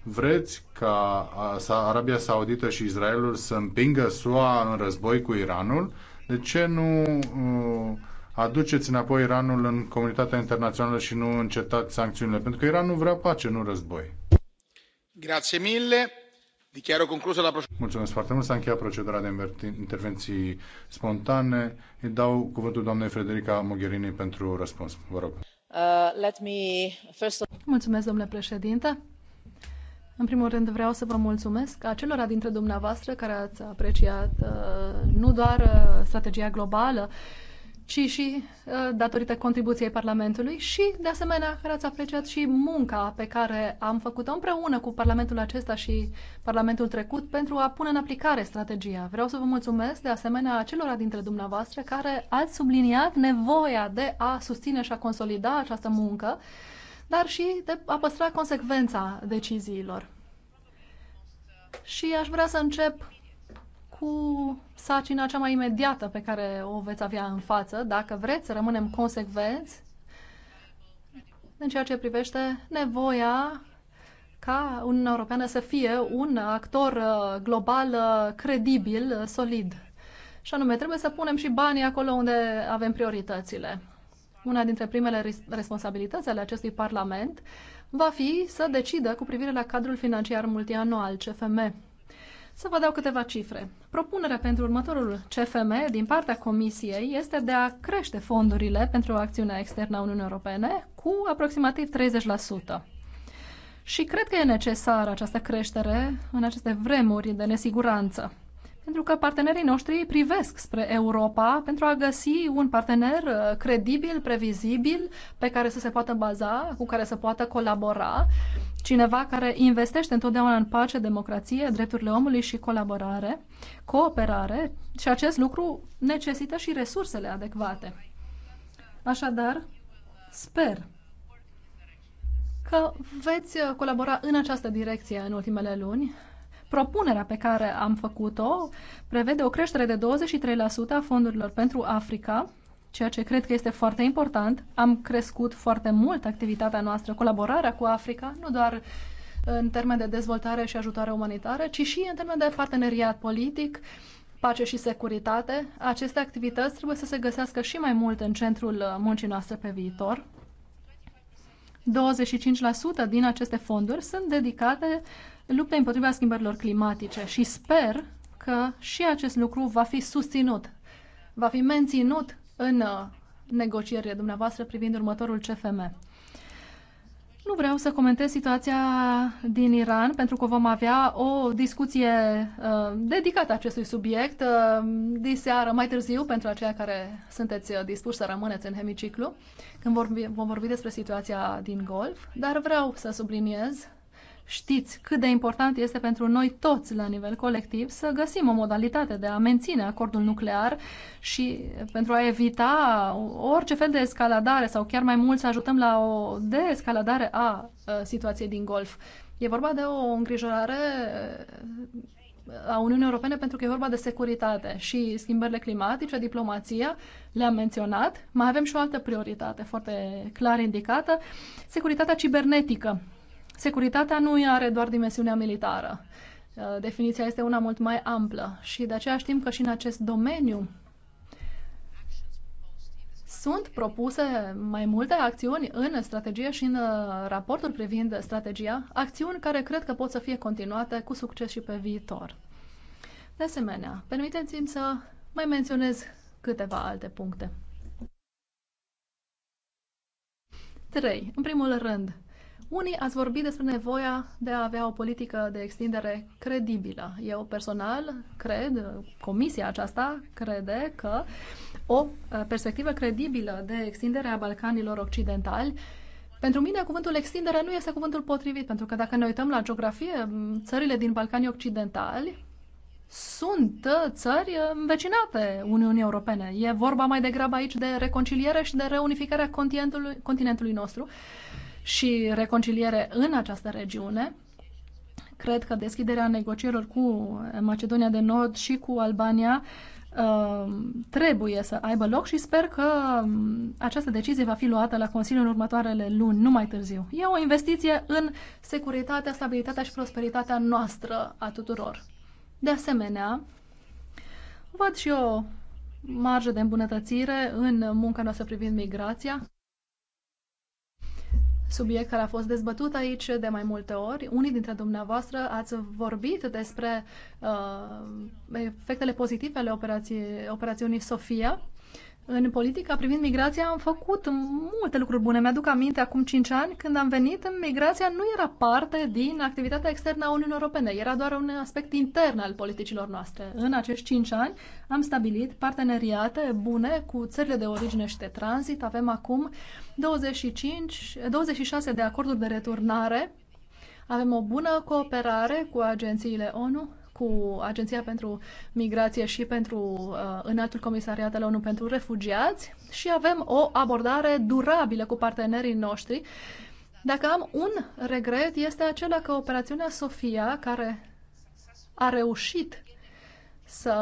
S7: Vreți ca Arabia Saudită și Israelul să împingă SUA în război cu Iranul? De ce nu uh, aduceți înapoi Iranul în comunitatea internațională și nu încetați sancțiunile? Pentru că Iranul vrea pace, nu război.
S2: Grazie mille. Dichiaro conclusa la procedură.
S7: Mulțumesc foarte mult. S-a încheiat procedura de intervenții spontane. Îi dau cuvântul doamnei Frederica Mogherini pentru răspuns. Vă rog.
S3: Uh, me...
S6: Mulțumesc, domnule președinte. În primul rând vreau să vă mulțumesc acelora dintre dumneavoastră care ați apreciat uh, nu doar uh, strategia globală, ci și uh, datorită contribuției Parlamentului și, de asemenea, care ați apreciat și munca pe care am făcut-o împreună cu Parlamentul acesta și Parlamentul trecut pentru a pune în aplicare strategia. Vreau să vă mulțumesc, de asemenea, acelora dintre dumneavoastră care ați subliniat nevoia de a susține și a consolida această muncă, dar și de a păstra consecvența deciziilor. Și aș vrea să încep cu sacina cea mai imediată pe care o veți avea în față, dacă vreți să rămânem consecvenți în ceea ce privește nevoia ca Uniunea Europeană să fie un actor uh, global uh, credibil, uh, solid. Și anume, trebuie să punem și banii acolo unde avem prioritățile. Una dintre primele responsabilități ale acestui Parlament va fi să decidă cu privire la cadrul financiar multianual, CFM. Să vă dau câteva cifre. Propunerea pentru următorul CFM din partea Comisiei este de a crește fondurile pentru acțiunea externă a Uniunii Europene cu aproximativ 30%. Și cred că e necesară această creștere în aceste vremuri de nesiguranță. Pentru că partenerii noștri privesc spre Europa pentru a găsi un partener uh, credibil, previzibil, pe care să se poată baza, cu care să poată colabora cineva care investește întotdeauna în pace, democrație, drepturile omului și colaborare, cooperare și acest lucru necesită și resursele adecvate. Așadar, sper că veți colabora în această direcție în ultimele luni. Propunerea pe care am făcut-o prevede o creștere de 23% a fondurilor pentru Africa ceea ce cred că este foarte important. Am crescut foarte mult activitatea noastră, colaborarea cu Africa, nu doar în termen de dezvoltare și ajutoare umanitară, ci și în termen de parteneriat politic, pace și securitate. Aceste activități trebuie să se găsească și mai mult în centrul uh, muncii noastre pe viitor. 25% din aceste fonduri sunt dedicate luptei împotriva schimbărilor climatice și sper că și acest lucru va fi susținut, va fi menținut în uh, negocierile dumneavoastră privind următorul CFM. Nu vreau să comentez situația din Iran, pentru că vom avea o discuție uh, dedicată acestui subiect uh, diseară mai târziu, pentru aceia care sunteți uh, dispuși să rămâneți în hemiciclu, când vorbi, vom vorbi despre situația din Golf. Dar vreau să subliniez Știți cât de important este pentru noi toți, la nivel colectiv, să găsim o modalitate de a menține acordul nuclear și pentru a evita orice fel de escaladare sau chiar mai mult să ajutăm la o deescaladare a situației din Golf. E vorba de o îngrijorare a Uniunii Europene pentru că e vorba de securitate și schimbările climatice, diplomația, le-am menționat. Mai avem și o altă prioritate foarte clar indicată, securitatea cibernetică securitatea nu are doar dimensiunea militară. Uh, definiția este una mult mai amplă și de aceea știm că și în acest domeniu sunt propuse mai multe acțiuni în strategie și în uh, raportul privind strategia, acțiuni care cred că pot să fie continuate cu succes și pe viitor. De asemenea, permiteți-mi să mai menționez câteva alte puncte. 3. În primul rând, unii ați vorbit despre nevoia de a avea o politică de extindere credibilă. Eu personal cred, comisia aceasta crede că o uh, perspectivă credibilă de extindere a Balcanilor Occidentali pentru mine, cuvântul extindere nu este cuvântul potrivit, pentru că dacă ne uităm la geografie, țările din Balcanii Occidentali sunt uh, țări uh, învecinate Uniunii Europene. E vorba mai degrabă aici de reconciliere și de reunificarea continentului, continentului nostru și reconciliere în această regiune. Cred că deschiderea negocierilor cu Macedonia de Nord și cu Albania uh, trebuie să aibă loc și sper că um, această decizie va fi luată la Consiliul în următoarele luni, nu mai târziu. E o investiție în securitatea, stabilitatea și prosperitatea noastră a tuturor. De asemenea, văd și o marjă de îmbunătățire în munca noastră privind migrația subiect care a fost dezbătut aici de mai multe ori. Unii dintre dumneavoastră ați vorbit despre uh, efectele pozitive ale operației, operațiunii Sofia în politica privind migrația am făcut multe lucruri bune. Mi-aduc aminte acum 5 ani când am venit, migrația nu era parte din activitatea externă a Uniunii Europene, era doar un aspect intern al politicilor noastre. În acești 5 ani am stabilit parteneriate bune cu țările de origine și de tranzit. Avem acum 25, 26 de acorduri de returnare. Avem o bună cooperare cu agențiile ONU cu Agenția pentru Migrație și pentru uh, Înaltul Comisariat al ONU pentru Refugiați și avem o abordare durabilă cu partenerii noștri. Dacă am un regret, este acela că operațiunea Sofia, care a reușit să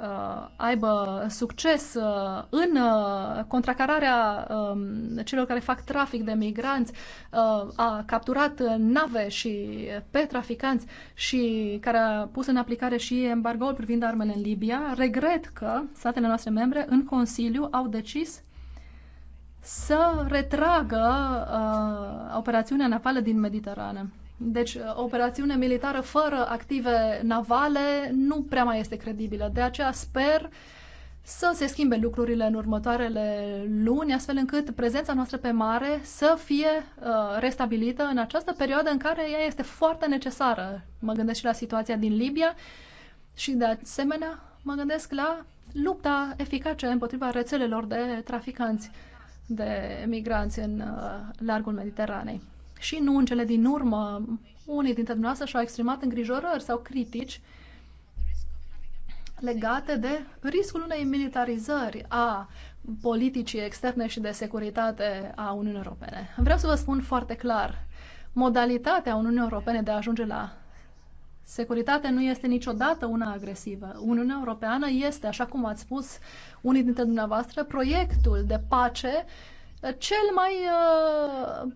S6: uh, aibă succes uh, în uh, contracararea uh, celor care fac trafic de migranți, uh, a capturat nave și pe traficanți și care a pus în aplicare și embargoul privind armele în Libia. Regret că statele noastre membre în Consiliu au decis să retragă uh, operațiunea navală din Mediterană. Deci, o uh, operațiune militară fără active navale nu prea mai este credibilă. De aceea sper să se schimbe lucrurile în următoarele luni, astfel încât prezența noastră pe mare să fie uh, restabilită în această perioadă în care ea este foarte necesară. Mă gândesc și la situația din Libia și, de asemenea, mă gândesc la lupta eficace împotriva rețelelor de traficanți de migranți în uh, largul Mediteranei și nu în cele din urmă. Unii dintre dumneavoastră și-au exprimat îngrijorări sau critici legate de riscul unei militarizări a politicii externe și de securitate a Uniunii Europene. Vreau să vă spun foarte clar, modalitatea Uniunii Europene de a ajunge la securitate nu este niciodată una agresivă. Uniunea Europeană este, așa cum ați spus unii dintre dumneavoastră, proiectul de pace cel mai uh,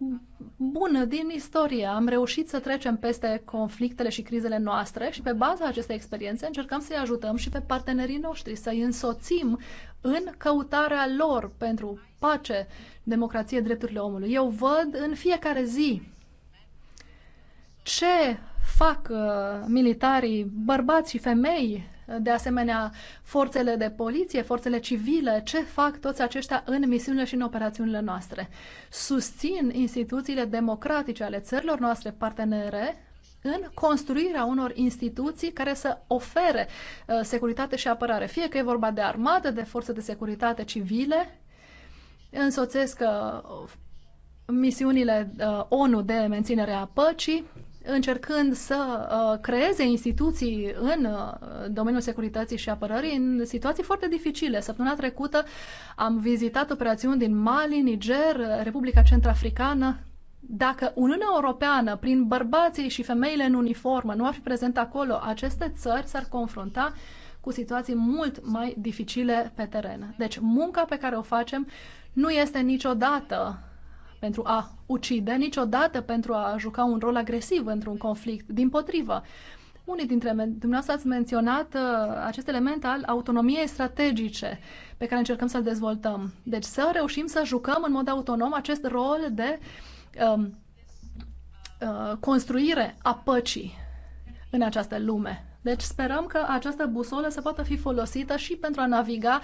S6: bun din istorie. Am reușit să trecem peste conflictele și crizele noastre și pe baza acestei experiențe încercăm să-i ajutăm și pe partenerii noștri, să-i însoțim în căutarea lor pentru pace, democrație, drepturile omului. Eu văd în fiecare zi ce fac uh, militarii, bărbați și femei de asemenea forțele de poliție, forțele civile, ce fac toți aceștia în misiunile și în operațiunile noastre. Susțin instituțiile democratice ale țărilor noastre partenere în construirea unor instituții care să ofere uh, securitate și apărare. Fie că e vorba de armată, de forțe de securitate civile, însoțesc uh, misiunile uh, ONU de menținere a păcii, încercând să uh, creeze instituții în uh, domeniul securității și apărării în situații foarte dificile. Săptămâna trecută am vizitat operațiuni din Mali, Niger, Republica Centrafricană. Dacă Uniunea Europeană, prin bărbații și femeile în uniformă, nu ar fi prezent acolo, aceste țări s-ar confrunta cu situații mult mai dificile pe teren. Deci munca pe care o facem nu este niciodată pentru a ucide, niciodată pentru a juca un rol agresiv într-un conflict. Din potrivă, unii dintre dumneavoastră ați menționat uh, acest element al autonomiei strategice pe care încercăm să-l dezvoltăm. Deci să reușim să jucăm în mod autonom acest rol de um, uh, construire a păcii în această lume. Deci sperăm că această busolă să poată fi folosită și pentru a naviga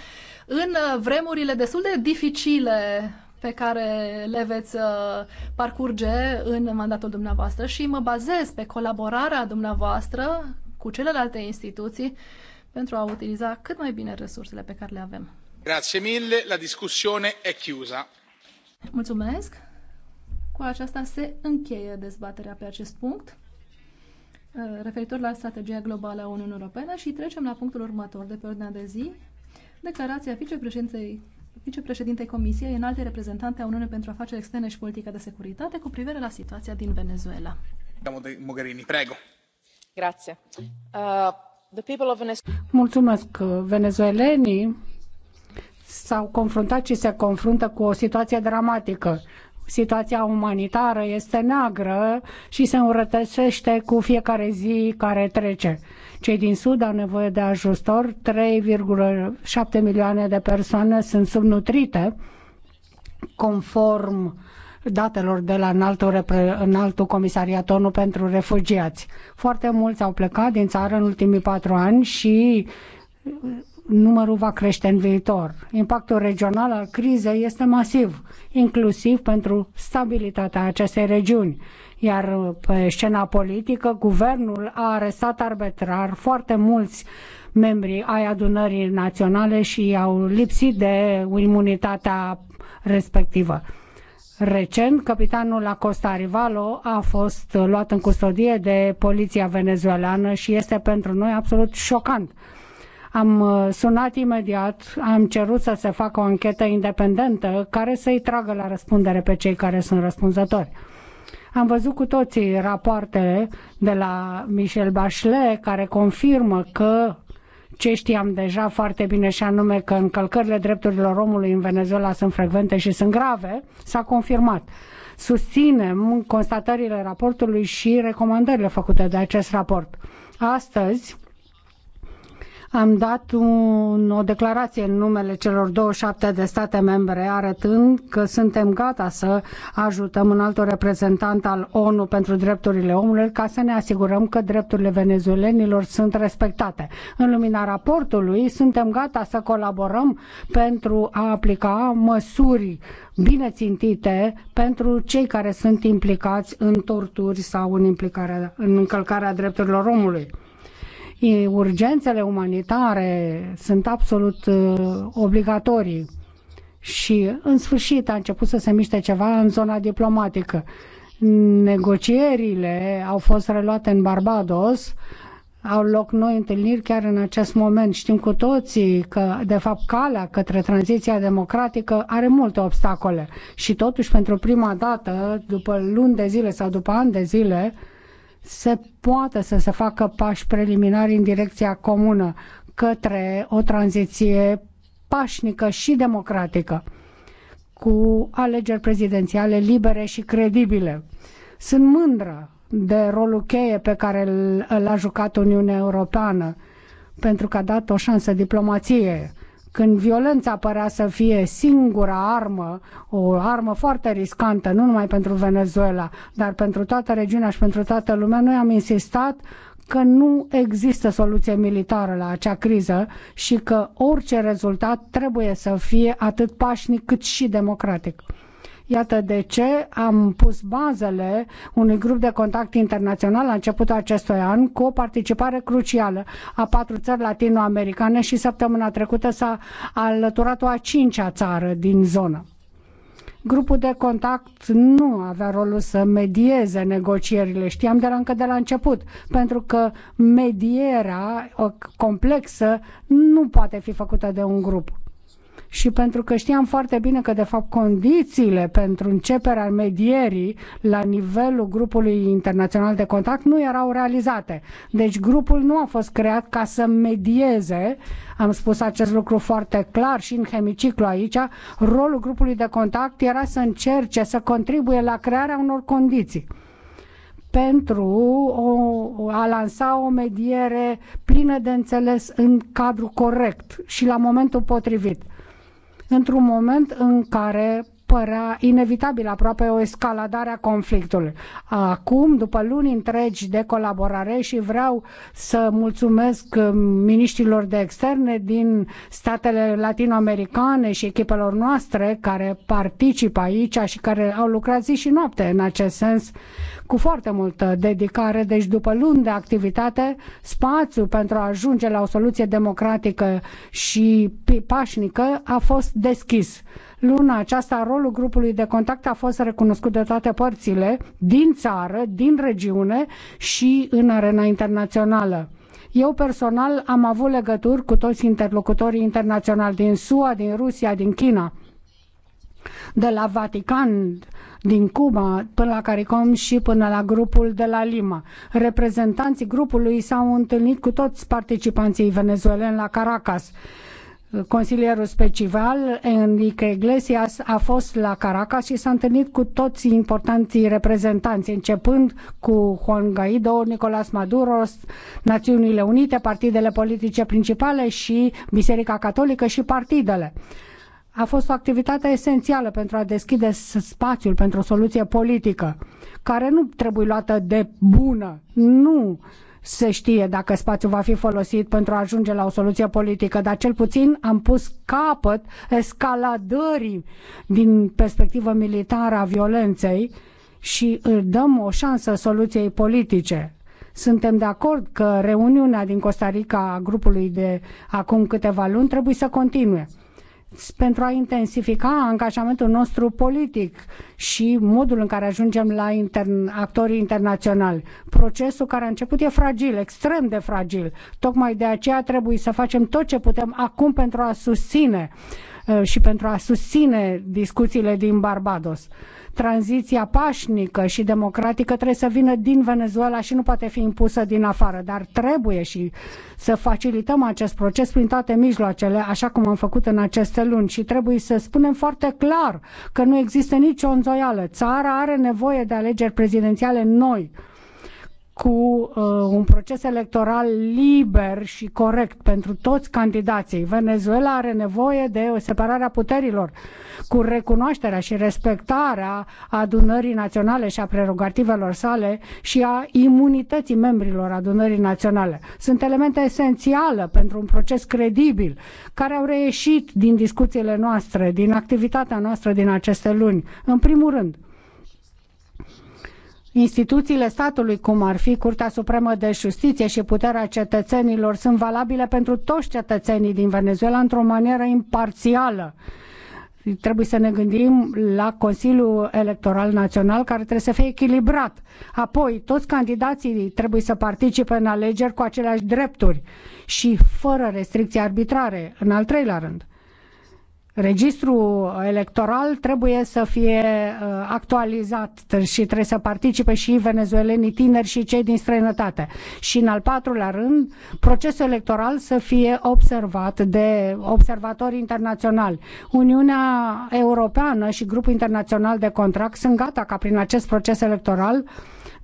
S6: în uh, vremurile destul de dificile pe care le veți uh, parcurge în mandatul dumneavoastră și mă bazez pe colaborarea dumneavoastră cu celelalte instituții pentru a utiliza cât mai bine resursele pe care le avem.
S2: Grazie mille, la discussione è chiusa.
S6: Mulțumesc. Cu aceasta se încheie dezbaterea pe acest punct uh, referitor la strategia globală a Uniunii Europene și trecem la punctul următor de pe ordinea de zi, declarația vicepreședintei vicepreședintei Comisiei, în alte reprezentante a Uniunii pentru Afaceri Externe și Politică de Securitate cu privire la
S5: situația din Venezuela.
S2: Mogherini, prego. Grazie.
S5: Uh,
S2: the people of Venezuela...
S5: Mulțumesc. Venezuelenii s-au confruntat și se confruntă cu o situație dramatică. Situația umanitară este neagră și se înrătășește cu fiecare zi care trece cei din Sud au nevoie de ajutor, 3,7 milioane de persoane sunt subnutrite conform datelor de la înaltul, repre, înaltul comisariat ONU pentru refugiați. Foarte mulți au plecat din țară în ultimii patru ani și numărul va crește în viitor. Impactul regional al crizei este masiv, inclusiv pentru stabilitatea acestei regiuni. Iar uh, pe scena politică, guvernul a arestat arbitrar foarte mulți membri ai adunării naționale și i-au lipsit de imunitatea respectivă. Recent, capitanul Acosta Rivalo a fost luat în custodie de poliția venezuelană și este pentru noi absolut șocant. Am uh, sunat imediat, am cerut să se facă o anchetă independentă care să-i tragă la răspundere pe cei care sunt răspunzători. Am văzut cu toții rapoartele de la Michel Bachelet care confirmă că ce știam deja foarte bine și anume că încălcările drepturilor omului în Venezuela sunt frecvente și sunt grave, s-a confirmat. Susținem constatările raportului și recomandările făcute de acest raport. Astăzi am dat un, o declarație în numele celor 27 de state membre, arătând că suntem gata să ajutăm un alt reprezentant al ONU pentru drepturile omului ca să ne asigurăm că drepturile venezuelenilor sunt respectate. În lumina raportului, suntem gata să colaborăm pentru a aplica măsuri bine țintite pentru cei care sunt implicați în torturi sau în, implicarea, în încălcarea drepturilor omului urgențele umanitare sunt absolut uh, obligatorii și în sfârșit a început să se miște ceva în zona diplomatică. Negocierile au fost reluate în Barbados, au loc noi întâlniri chiar în acest moment. Știm cu toții că, de fapt, calea către tranziția democratică are multe obstacole și totuși, pentru prima dată, după luni de zile sau după ani de zile, se poate să se facă pași preliminari în direcția comună către o tranziție pașnică și democratică, cu alegeri prezidențiale libere și credibile. Sunt mândră de rolul cheie pe care l-a jucat Uniunea Europeană pentru că a dat o șansă diplomației când violența părea să fie singura armă, o armă foarte riscantă, nu numai pentru Venezuela, dar pentru toată regiunea și pentru toată lumea, noi am insistat că nu există soluție militară la acea criză și că orice rezultat trebuie să fie atât pașnic cât și democratic. Iată de ce am pus bazele unui grup de contact internațional la începutul acestui an cu o participare crucială a patru țări latinoamericane și săptămâna trecută s-a alăturat o a cincea țară din zonă. Grupul de contact nu avea rolul să medieze negocierile, știam de la încă de la început, pentru că medierea complexă nu poate fi făcută de un grup și pentru că știam foarte bine că, de fapt, condițiile pentru începerea medierii la nivelul grupului internațional de contact nu erau realizate. Deci grupul nu a fost creat ca să medieze, am spus acest lucru foarte clar și în hemiciclu aici, rolul grupului de contact era să încerce să contribuie la crearea unor condiții pentru o, a lansa o mediere plină de înțeles în cadrul corect și la momentul potrivit într-un moment în care apărea inevitabil aproape o escaladare a conflictului. Acum, după luni întregi de colaborare și vreau să mulțumesc uh, miniștrilor de externe din statele latinoamericane și echipelor noastre care participă aici și care au lucrat zi și noapte în acest sens cu foarte multă dedicare. Deci după luni de activitate, spațiul pentru a ajunge la o soluție democratică și pașnică a fost deschis luna aceasta rolul grupului de contact a fost recunoscut de toate părțile, din țară, din regiune și în arena internațională. Eu personal am avut legături cu toți interlocutorii internaționali din SUA, din Rusia, din China, de la Vatican, din Cuba până la CARICOM și până la grupul de la Lima. Reprezentanții grupului s-au întâlnit cu toți participanții venezueleni la Caracas Consilierul special Enrique Iglesias a fost la Caracas și s-a întâlnit cu toți importanții reprezentanți, începând cu Juan Guaido, Nicolas Maduro, Națiunile Unite, partidele politice principale și Biserica Catolică și partidele. A fost o activitate esențială pentru a deschide spațiul pentru o soluție politică, care nu trebuie luată de bună. Nu se știe dacă spațiul va fi folosit pentru a ajunge la o soluție politică, dar cel puțin am pus capăt escaladării din perspectivă militară a violenței și dăm o șansă soluției politice. Suntem de acord că reuniunea din Costa Rica a grupului de acum câteva luni trebuie să continue pentru a intensifica angajamentul nostru politic și modul în care ajungem la intern, actorii internaționali. Procesul care a început e fragil, extrem de fragil. Tocmai de aceea trebuie să facem tot ce putem acum pentru a susține uh, Uh, și pentru a susține discuțiile din Barbados. Tranziția pașnică și democratică trebuie să vină din Venezuela și nu poate fi impusă din afară, dar trebuie și să facilităm acest proces prin toate mijloacele, așa cum am făcut în aceste luni și trebuie să spunem foarte clar că nu există nicio înzoială. Țara are nevoie de alegeri prezidențiale noi cu uh, un proces electoral liber și corect pentru toți candidații. Venezuela are nevoie de o separare a puterilor cu recunoașterea și respectarea adunării naționale și a prerogativelor sale și a imunității membrilor adunării naționale. Sunt elemente esențiale pentru un proces credibil care au reieșit din discuțiile noastre, din activitatea noastră din aceste luni. În primul rând, Instituțiile statului, cum ar fi Curtea Supremă de Justiție și puterea cetățenilor, sunt valabile pentru toți cetățenii din Venezuela într-o manieră imparțială trebuie să ne gândim la Consiliul Electoral Național care trebuie să fie echilibrat. Apoi, toți candidații trebuie să participe în alegeri cu aceleași drepturi și fără restricții arbitrare, în al treilea rând. Registrul electoral trebuie să fie uh, actualizat și trebuie să participe și venezuelenii tineri și cei din străinătate. Și în al patrulea rând, procesul electoral să fie observat de observatori internaționali. Uniunea Europeană și grupul internațional de contract sunt gata ca prin acest proces electoral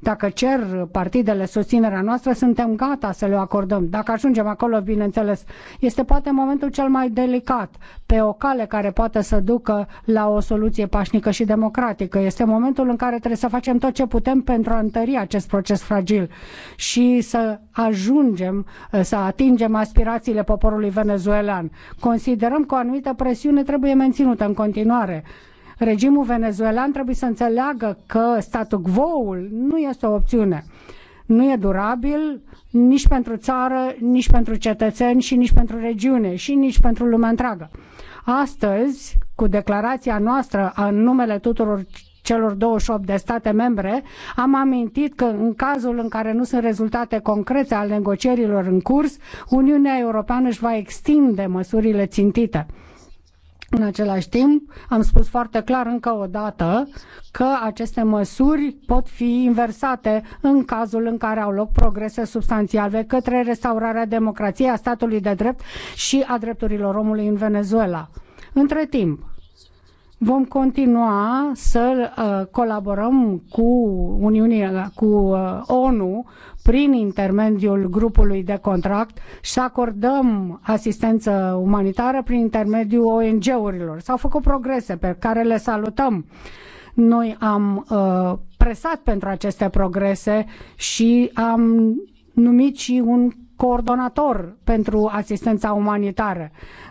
S5: dacă cer partidele susținerea noastră, suntem gata să le acordăm. Dacă ajungem acolo, bineînțeles, este poate momentul cel mai delicat, pe o cale care poate să ducă la o soluție pașnică și democratică. Este momentul în care trebuie să facem tot ce putem pentru a întări acest proces fragil și să ajungem să atingem aspirațiile poporului venezuelan. Considerăm că o anumită presiune trebuie menținută în continuare Regimul venezuelan trebuie să înțeleagă că statul quo-ul nu este o opțiune. Nu e durabil nici pentru țară, nici pentru cetățeni și nici pentru regiune și nici pentru lumea întreagă. Astăzi, cu declarația noastră în numele tuturor celor 28 de state membre, am amintit că în cazul în care nu sunt rezultate concrete ale negocierilor în curs, Uniunea Europeană își va extinde măsurile țintite. În același timp, am spus foarte clar încă o dată că aceste măsuri pot fi inversate în cazul în care au loc progrese substanțiale către restaurarea democrației, a statului de drept și a drepturilor omului în Venezuela. Între timp, Vom continua să uh, colaborăm cu Uniunea, cu uh, ONU prin intermediul grupului de contract și acordăm asistență umanitară prin intermediul ONG-urilor. S-au făcut progrese pe care le salutăm. Noi am uh, presat pentru aceste progrese și am numit și un coordonator pentru asistența umanitară.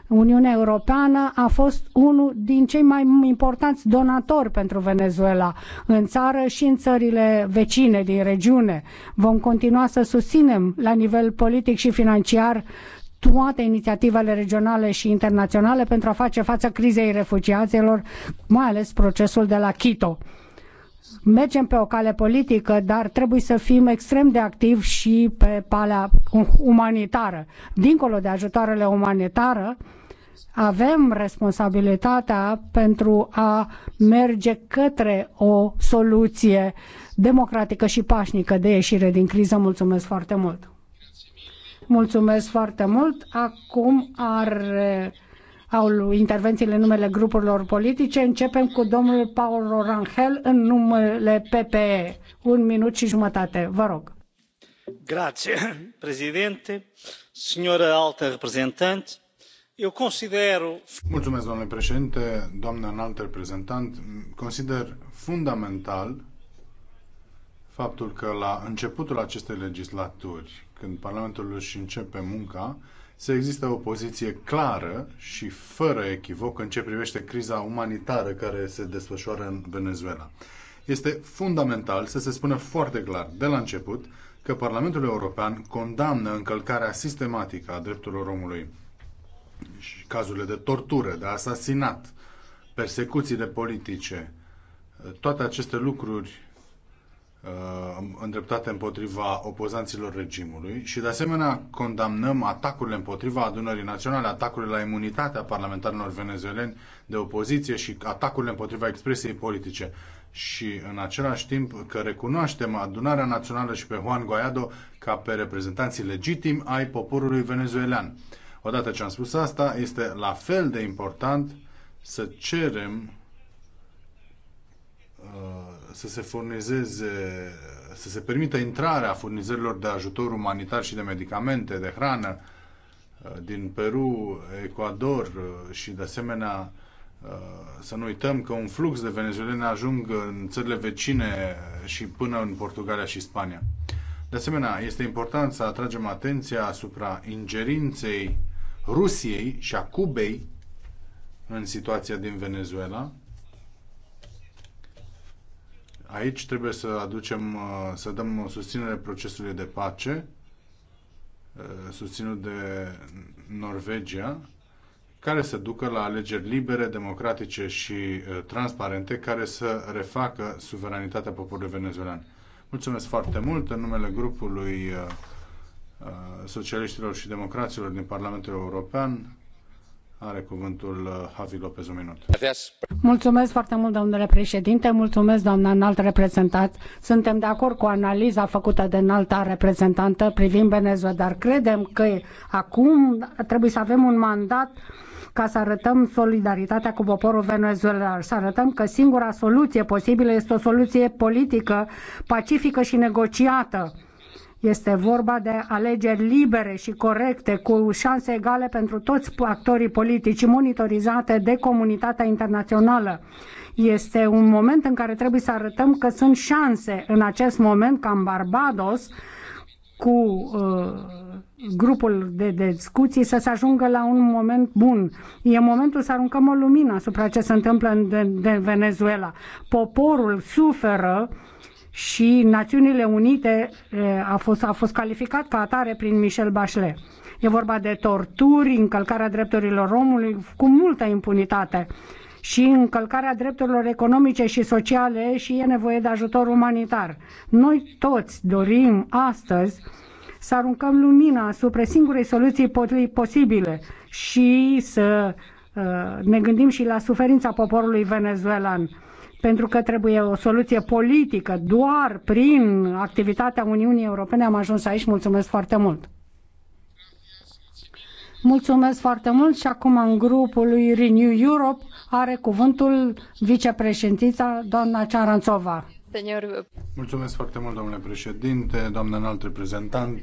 S5: Uniunea Europeană a fost unul din cei mai importanți donatori pentru Venezuela în țară și în țările vecine din regiune. Vom continua să susținem la nivel politic și financiar toate inițiativele regionale și internaționale pentru a face față crizei refugiaților, mai ales procesul de la Quito mergem pe o cale politică, dar trebuie să fim extrem de activi și pe palea umanitară. Dincolo de ajutoarele umanitare, avem responsabilitatea pentru a merge către o soluție democratică și pașnică de ieșire din criză. Mulțumesc foarte mult! Mulțumesc foarte mult! Acum are, au intervențiile în numele grupurilor politice. Începem cu domnul Paul Rangel în numele PPE. Un minut și jumătate, vă rog.
S7: Grazie, președinte, signora altă Reprezentantă. Mulțumesc, domnule președinte, doamnă înalt reprezentant. Consider fundamental faptul că la începutul acestei legislaturi, când Parlamentul își începe munca, să există o poziție clară și fără echivoc în ce privește criza umanitară care se desfășoară în Venezuela. Este fundamental să se spună foarte clar de la început că Parlamentul European condamnă încălcarea sistematică a drepturilor omului și cazurile de tortură, de asasinat, persecuțiile politice, toate aceste lucruri uh, îndreptate împotriva opozanților regimului și de asemenea condamnăm atacurile împotriva adunării naționale, atacurile la imunitatea parlamentarilor venezueleni de opoziție și atacurile împotriva expresiei politice. Și în același timp că recunoaștem adunarea națională și pe Juan Guaido ca pe reprezentanții legitimi ai poporului venezuelan. Odată ce am spus asta, este la fel de important să cerem uh, să se furnizeze, să se permită intrarea furnizărilor de ajutor umanitar și de medicamente, de hrană uh, din Peru, Ecuador uh, și de asemenea să nu uităm că un flux de venezueleni ajung în țările vecine și până în Portugalia și Spania. De asemenea, este important să atragem atenția asupra ingerinței Rusiei și a Cubei în situația din Venezuela. Aici trebuie să aducem, uh, să dăm susținere procesului de pace, uh, susținut de Norvegia, care să ducă la alegeri libere, democratice și uh, transparente, care să refacă suveranitatea poporului venezuelan. Mulțumesc foarte mult în numele grupului Uh, socialiștilor și democraților din Parlamentul European. Are cuvântul uh, Javi Lopez un minut.
S5: Mulțumesc foarte mult, domnule președinte, mulțumesc, doamna înalt reprezentant. Suntem de acord cu analiza făcută de înalta reprezentantă privind Venezuela, dar credem că acum trebuie să avem un mandat ca să arătăm solidaritatea cu poporul venezuelan, să arătăm că singura soluție posibilă este o soluție politică, pacifică și negociată este vorba de alegeri libere și corecte, cu șanse egale pentru toți actorii politici, monitorizate de comunitatea internațională. Este un moment în care trebuie să arătăm că sunt șanse în acest moment ca în Barbados cu uh, grupul de discuții să se ajungă la un moment bun. E momentul să aruncăm o lumină asupra ce se întâmplă în de, de Venezuela. Poporul suferă și Națiunile Unite eh, a fost, a fost calificat ca atare prin Michel Bachelet. E vorba de torturi, încălcarea drepturilor omului cu multă impunitate și încălcarea drepturilor economice și sociale și e nevoie de ajutor umanitar. Noi toți dorim astăzi să aruncăm lumina asupra singurei soluții posibile și să eh, ne gândim și la suferința poporului venezuelan pentru că trebuie o soluție politică. Doar prin activitatea Uniunii Europene am ajuns aici. Mulțumesc foarte mult! Mulțumesc foarte mult și acum în grupul lui Renew Europe are cuvântul vicepreședința doamna Cearanțova.
S7: Mulțumesc foarte mult, domnule președinte, doamnă înalt reprezentant.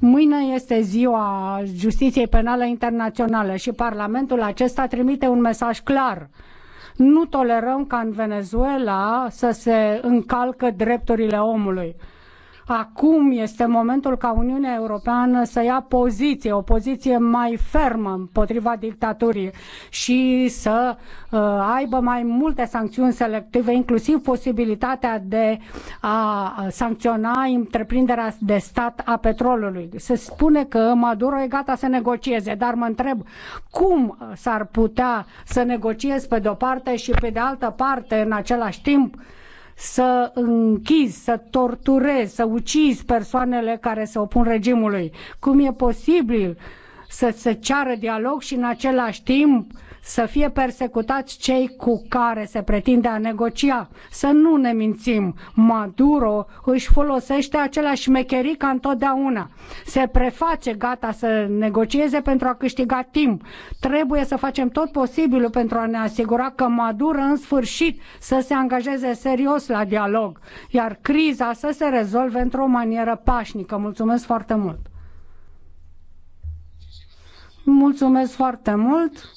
S5: Mâine este ziua Justiției Penale Internaționale și Parlamentul acesta trimite un mesaj clar nu tolerăm ca în Venezuela să se încalcă drepturile omului. Acum este momentul ca Uniunea Europeană să ia poziție, o poziție mai fermă împotriva dictaturii și să uh, aibă mai multe sancțiuni selective, inclusiv posibilitatea de a sancționa întreprinderea de stat a petrolului. Se spune că Maduro e gata să negocieze, dar mă întreb cum s-ar putea să negociez pe de-o parte și pe de altă parte în același timp să închizi, să torturezi, să ucizi persoanele care se opun regimului? Cum e posibil să se ceară dialog și în același timp să fie persecutați cei cu care se pretinde a negocia. Să nu ne mințim, Maduro își folosește aceleași șmecherii ca întotdeauna. Se preface gata să negocieze pentru a câștiga timp. Trebuie să facem tot posibilul pentru a ne asigura că Maduro în sfârșit să se angajeze serios la dialog, iar criza să se rezolve într-o manieră pașnică. Mulțumesc foarte mult! Mulțumesc foarte mult!